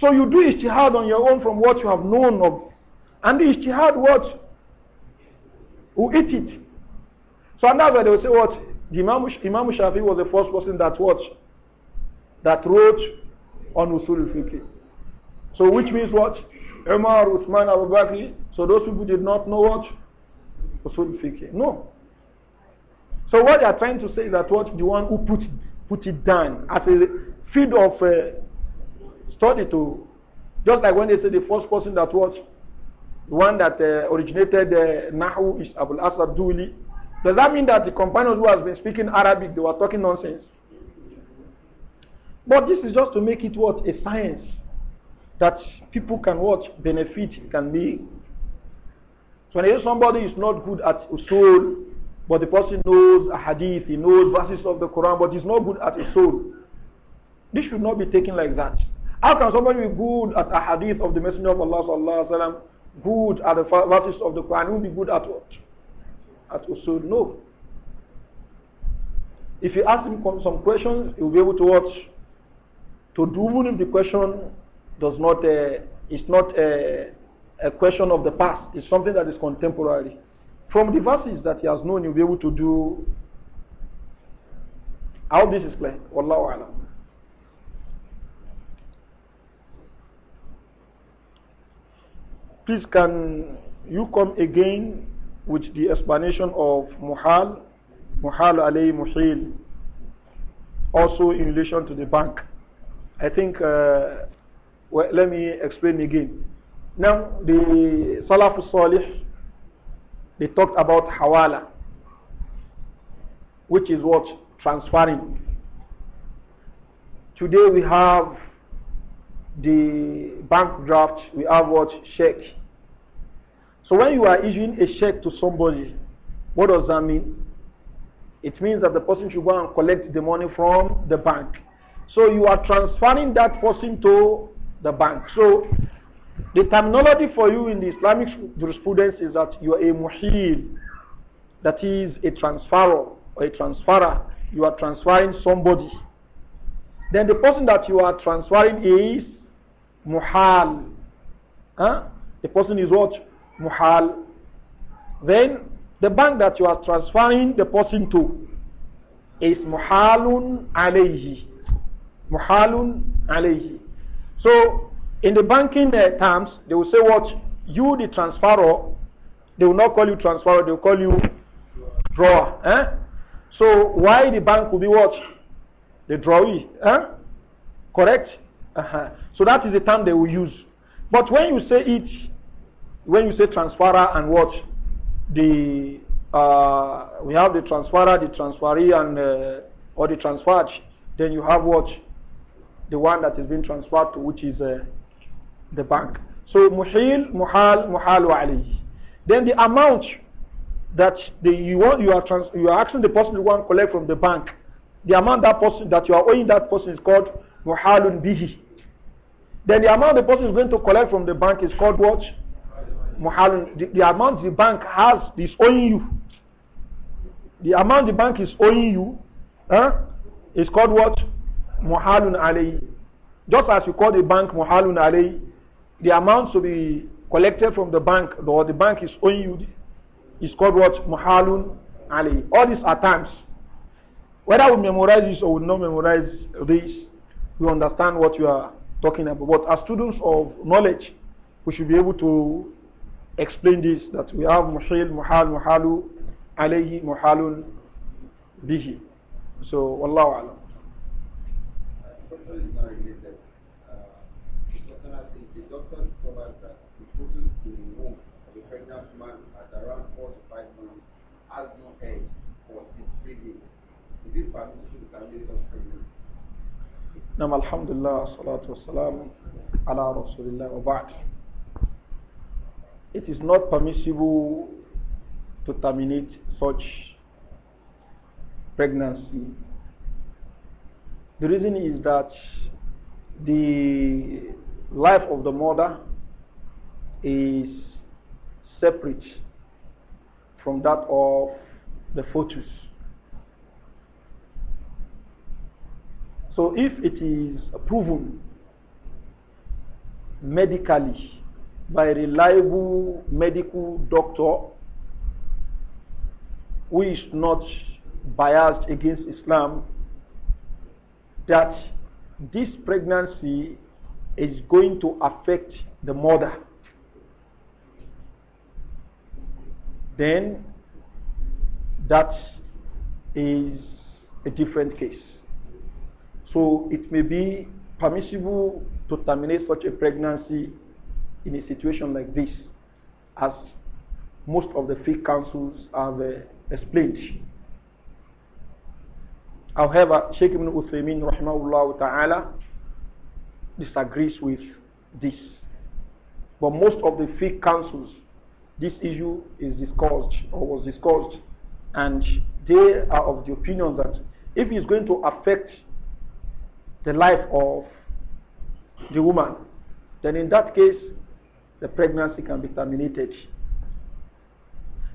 [SPEAKER 1] so you do ijtihad on your own from what you have known of. And the ijtihad what? Who eat it. So and that's why they will say what? The Imam, Imam Shafi was the first person that watched that wrote on Usul al-Fiqh. So which means what? Umar, Uthman, Abu Bakr. So those people did not know what? Usul al-Fiqh. No. So what they are trying to say is that what the one who put, put it down as a field of uh, study to, just like when they say the first person that what? The one that uh, originated uh, Nahu is Abu Asad Duli. Does that mean that the companions who has been speaking Arabic, they were talking nonsense? But this is just to make it what? A science that people can watch, Benefit, can be. So when somebody is not good at usul, but the person knows a hadith, he knows verses of the Quran, but he's not good at usul, this should not be taken like that. How can somebody be good at a hadith of the Messenger of Allah sallallahu alaihi wasallam, good at the verses of the Quran, will be good at what? At usul? No. If you ask him some questions, he will be able to watch to do even if the question does not uh, not a, uh, a question of the past. It's something that is contemporary. From the verses that he has known, he'll be able to do. how this is clear. Wallahu alam. Please, can you come again with the explanation of muhal, muhal alayhi muhil, also in relation to the bank? I think, uh, well, let me explain again. Now, the Salafus Salih, they talked about Hawala, which is what? Transferring. Today we have the bank draft, we have what? Cheque. So when you are issuing a cheque to somebody, what does that mean? It means that the person should go and collect the money from the bank. So you are transferring that person to the bank. So the terminology for you in the Islamic jurisprudence is that you are a muhil, that is a transferor or a transferer. You are transferring somebody. Then the person that you are transferring is muhal. Huh? The person is what? Muhal. Then the bank that you are transferring the person to is muhalun alayhi muhalun alayhi. So in the banking uh, terms, they will say what you the transferor, they will not call you transferor, they will call you drawer. Eh? So why the bank will be what? The drawee. Eh? Correct? Uh -huh. So that is the term they will use. But when you say it, when you say transferor and what, the uh, we have the transferor, the transferee, and uh, or the transferred, then you have what the one that is being transferred to, which is uh, the bank. So muhil, muhal, muhal wa alayhi. Then the amount that the, you, want, you, are trans, you are asking the person to want collect from the bank, the amount that person that you are owing that person is called muhalun bihi. Then the amount the person is going to collect from the bank is called what? Muhalun. The, the amount the bank has is owing you. The amount the bank is owing you, huh, is called what? muhalun alayhi. Just as you call the bank muhalun alayhi, the amount to be collected from the bank or the bank is owing you is called what? Muhalun alayhi. All these are terms. Whether we memorize this or we not memorize this, we understand what you are talking about. But as students of knowledge, we should be able to explain this that we have muhil, muhal, muhalu, alayhi, muhalun, bihi. So, Allah alam
[SPEAKER 2] doctor is not related. Uh, paternity, the doctor that the protein in the womb of a pregnant at around 4 to 5 months has no for Is it to
[SPEAKER 1] نعم الحمد لله والصلاة والسلام على رسول الله وبعد It is not permissible to terminate such pregnancy the reason is that the life of the mother is separate from that of the fetus. So if it is proven medically by a reliable medical doctor who is not biased against Islam that this pregnancy is going to affect the mother, then that is a different case. So it may be permissible to terminate such a pregnancy in a situation like this, as most of the fiqh councils have uh, explained. However, uh, Sheikh Ibn Uthaymeen rahimahullah ta'ala disagrees with this. But most of the fiqh councils, this issue is discussed or was discussed and they are of the opinion that if it's going to affect the life of the woman, then in that case, the pregnancy can be terminated.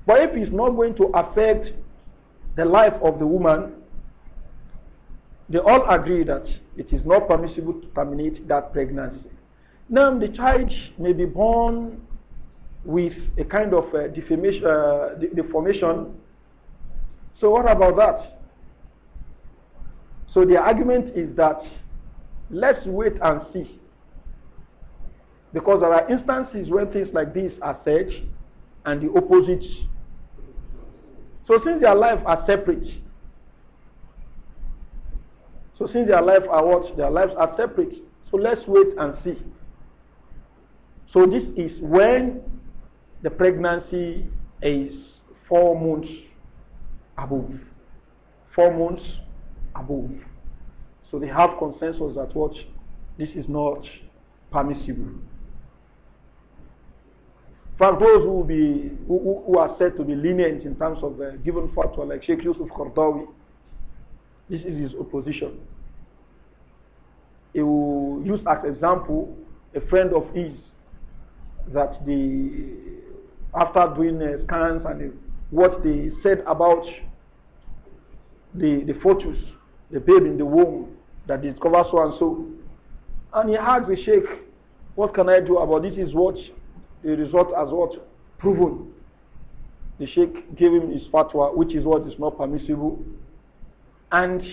[SPEAKER 1] But if it's not going to affect the life of the woman, they all agree that it is not permissible to terminate that pregnancy. Now, the child may be born with a kind of uh, defamation, uh, deformation. So, what about that? So, the argument is that let's wait and see. Because there are instances when things like this are said and the opposite. So, since their lives are separate, so since their life are what? Their lives are separate. So let's wait and see. So this is when the pregnancy is four months above. Four months above. So they have consensus that what this is not permissible. For those who, be, who, who, are said to be lenient in terms of the uh, given fatwa, like Sheikh Yusuf Qardawi, this is his opposition. He will use as example a friend of his that the after doing uh, scans and the, what they said about the the fetus, the baby in the womb that discovered so and so, and he asked the sheikh, "What can I do about this? Is what the result as what proven?" The sheikh gave him his fatwa, which is what is not permissible and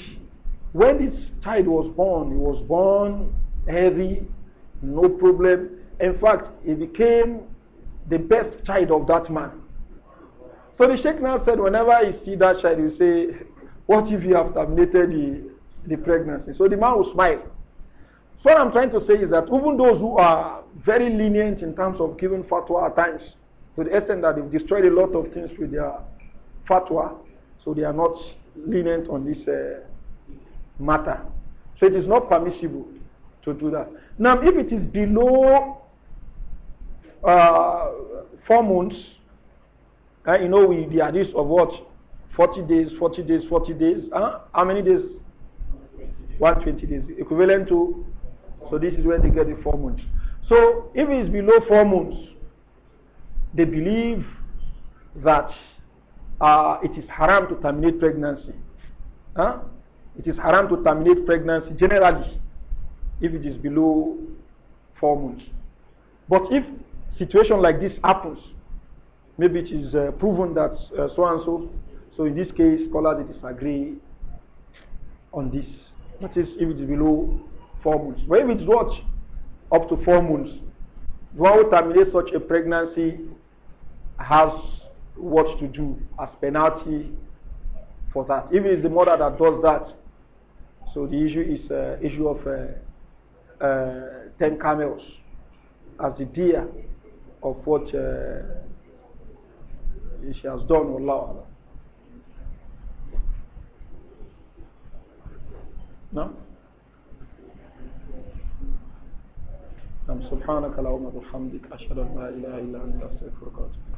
[SPEAKER 1] when this child was born, he was born heavy, no problem. In fact, he became the best child of that man. So the sheikh now said, whenever he see that child, he say, what if you have terminated the, the pregnancy? So the man will smile. So what I'm trying to say is that even those who are very lenient in terms of giving fatwa at times, to the extent that they've destroyed a lot of things with their fatwa, so they are not lenient on this uh, matter. So it is not permissible to do that. Now, if it is below uh, four months, uh, you know, we the hadith of what? 40 days, 40 days, 40 days. Huh? How many days? 120 days. Equivalent to, so this is where they get the four months. So if it is below four months, they believe that uh, it is haram to terminate pregnancy. Huh? It is haram to terminate pregnancy generally if it is below four months. But if situation like this happens, maybe it is uh, proven that uh, so and so. So in this case, scholars disagree on this. That is, if it is below four months. But if it's what? Up to four months. The one who terminates such a pregnancy has what to do as penalty for that. If it's the mother that does that, so the issue is uh, issue of uh, uh, ten camels as the deer of what she uh, has done. or law. No. سبحانك اللهم وبحمدك أشهد أن لا إله إلا
[SPEAKER 2] أنت أستغفرك وأتوب